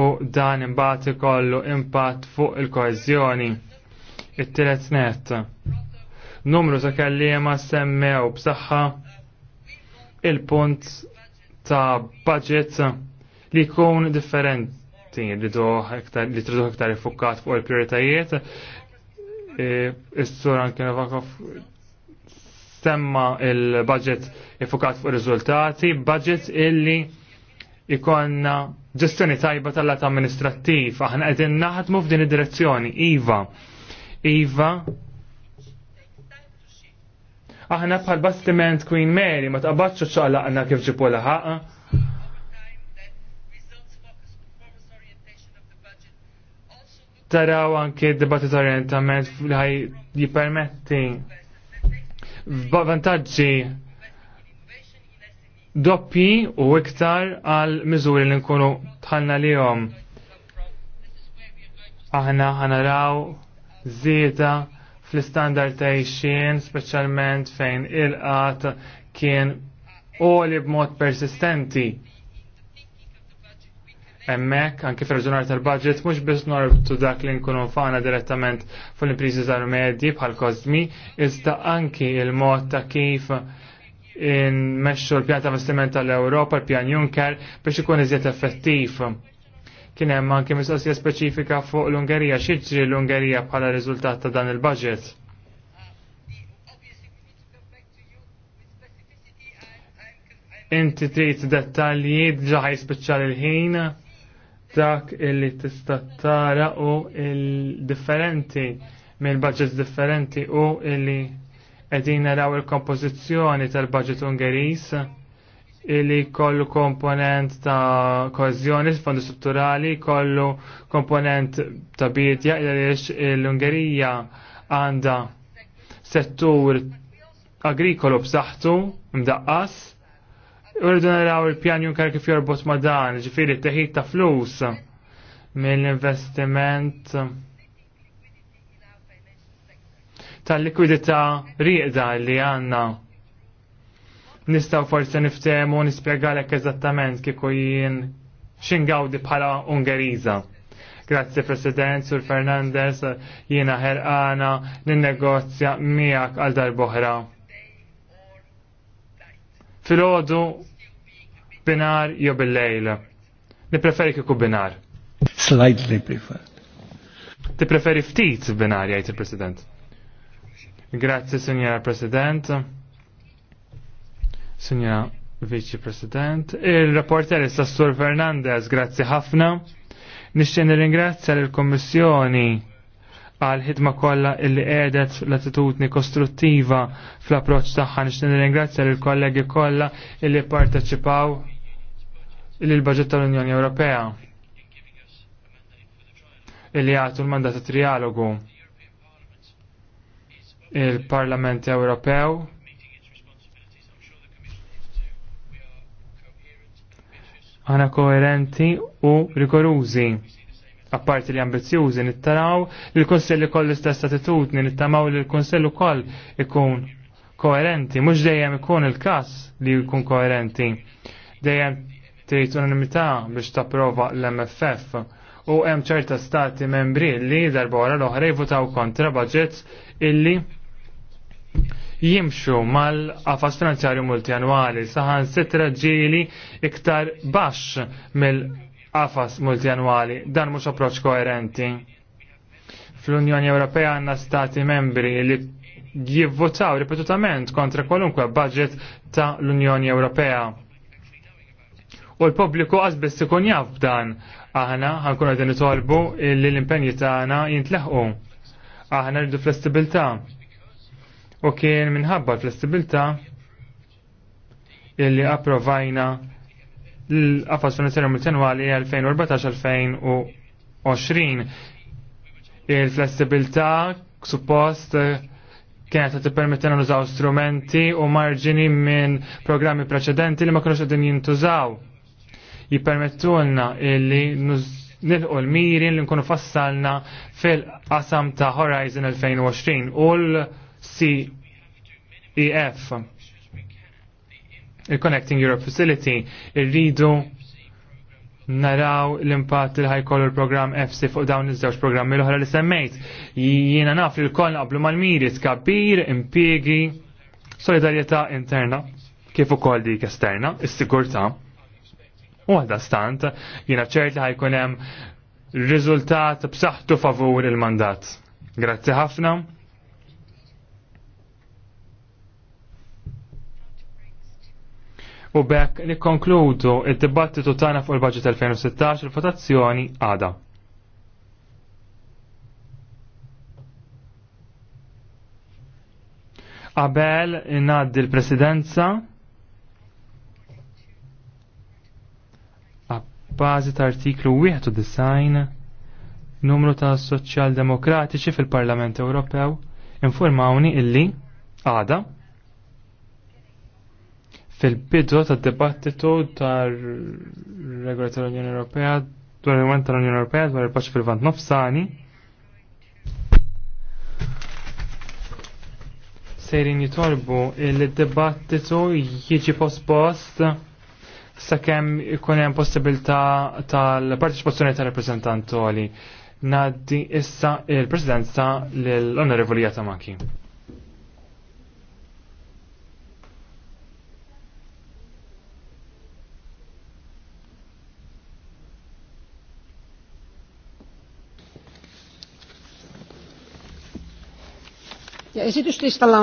u dan imbagħad ikollu impatt fuq il koezjoni It-tielet net. Numru sa kelliema semmew b'saħħa il-punt ta' budget li jkun differenti li tridu aktar fukkat fuq il-prioritajiet. E, is-sur anke semma il-budget ifukat fuq riżultati, budget illi ikonna ġestjoni tajba tal-lat amministrattiv, aħna qegħdin naħdmu f'din id-direzzjoni, IVA. IVA Aħna bħal bastiment Queen Mary ma tqabadx xaqlaqna kif ġipu laħaq. Taraw anke d-dibattit orientament li ħaj jipermetti vantaġġi doppi u iktar għal miżuri li nkunu tħanna lihom. Aħna ħanaraw zieta fl-standard tajxin, specialment fejn il-qat kien oli b'mod persistenti. Emmek, anke fil-raġunar tal-budget, mux biss norbtu dak li nkunu fana direttament fil-imprizi tal-medji bħal kozmi, iżda anki il-mod ta' kif in meċċu l-pjan ta' investiment tal-Europa, l-pjan Juncker, biex ikun iżjed effettiv Kien hemm anke mistoqsija speċifika fuq l-Ungerija x'iġri l-Ungerija bħala riżultat ta' dan il-budget. Inti trid dettalji ġaħaj speċjali l-ħin dak illi tista' tara u il-differenti mill-budgets differenti u illi qegħdin naraw il-kompożizzjoni tal-budget Ungeriż li kollu komponent ta' kozjoni fondi strutturali, kollu komponent ta' bidja il-għaliex l-Ungerija għanda settur agrikolu b'saħħtu mdaqqas. Urridu naraw il-pjan junkar kif jorbot ma' dan, ġifiri teħid ta' flus mill-investiment tal-likwidità riqda li għandna nistaw forse niftemu nispjegalek eżattament kieku jien xingawdi bħala Ungeriza. Grazie President, Sur Fernandez, jiena ħerqana ninnegozja miegħek għal darboħra. Filgħodu binar jew bil-lejl. Nippreferi kieku binar. Slightly preferred. Ti preferi ftit binar jgħid il-President. Grazie, Signor President. Signora Vice President, il-rapporter Sassur Fernandez, grazzi ħafna. Nixtieq nirringrazzja lill-Kommissjoni għal ħidma kollha illi qiegħdet l-attitudni kostruttiva fl-approċċ tagħha nixtieq nirringrazzja lill kollegi kollha illi parteċipaw lil budget tal-Unjoni Ewropea illi jagħtu l-mandat trialogu il-Parlament Ewropew Għana koerenti u rigorużi. Apparti li ambizjużi nittaraw li l-Konselli koll l-istess attitudni, nittamaw li l konsell ukoll ikun koherenti, mhux dejjem ikun il każ li jkun koerenti. Dejjem trid unanimità biex tapprova l-MFF u hemm ċerta stati membri li darba wara l-oħra jvotaw kontra budgets illi jimxu mal-qafas finanzjarju multianwali saħan sitra ġili iktar baxx mill-qafas multianwali dan mhux approċ koerenti. Fl-Unjoni Ewropea għandna stati membri li jivvotaw ripetutament kontra kwalunkwe budget ta' l-Unjoni Ewropea u l-pubbliku għazbis ikun jaf b'dan. Aħna ħankun għadin nitolbu li l-impenji tagħna jintleħu. Aħna rridu fl-istabilta' u kien minħabba l-flessibilità illi approvajna l-qafas finanzjarju multinwali 2014-2020. Il-flessibilità suppost kienet għat permettena nużaw strumenti u marġini minn programmi preċedenti li ma kienux għadin jintużaw. Jipermettulna illi nilqu l mirin li nkunu fassalna fil-qasam ta' Horizon 2020 u l- CEF il-Connecting Europe Facility irridu naraw l-impatt li ħajkollu l-programm FC fuq dawn iż-żewġ programmi l-oħra li semmejt. Jiena naf li l-koll qablu mal-miri tkabbir, impjiegi, solidarjetà interna kif ukoll dik esterna, is-sigurtà. U għadda stant, jiena ċert li ħajkun hemm riżultat b'saħħtu favur il-mandat. Grazzi ħafna. U bekk nikkonkludu id-dibattitu tagħna fuq il-budget 2016 il-votazzjoni għada. Qabel ngħaddi l-Presidenza bażi ta' artiklu design numru ta' Soċjaldemokratiċi fil-Parlament Ewropew informawni illi għada fil-bidu tad dibattitu tar regola tal-Unjoni Ewropea dwar il-Ment tal-Unjoni Ewropea dwar il-paċ fil-Vant nofsani. Sejrin jitolbu il-dibattitu jiġi post-post sakemm ikun hemm possibilità tal-parteċipazzjoni tal-rappreżentantoli. Naddi issa il-Presidenza l-Onorevoli Jatamaki. Ja esityslistallaan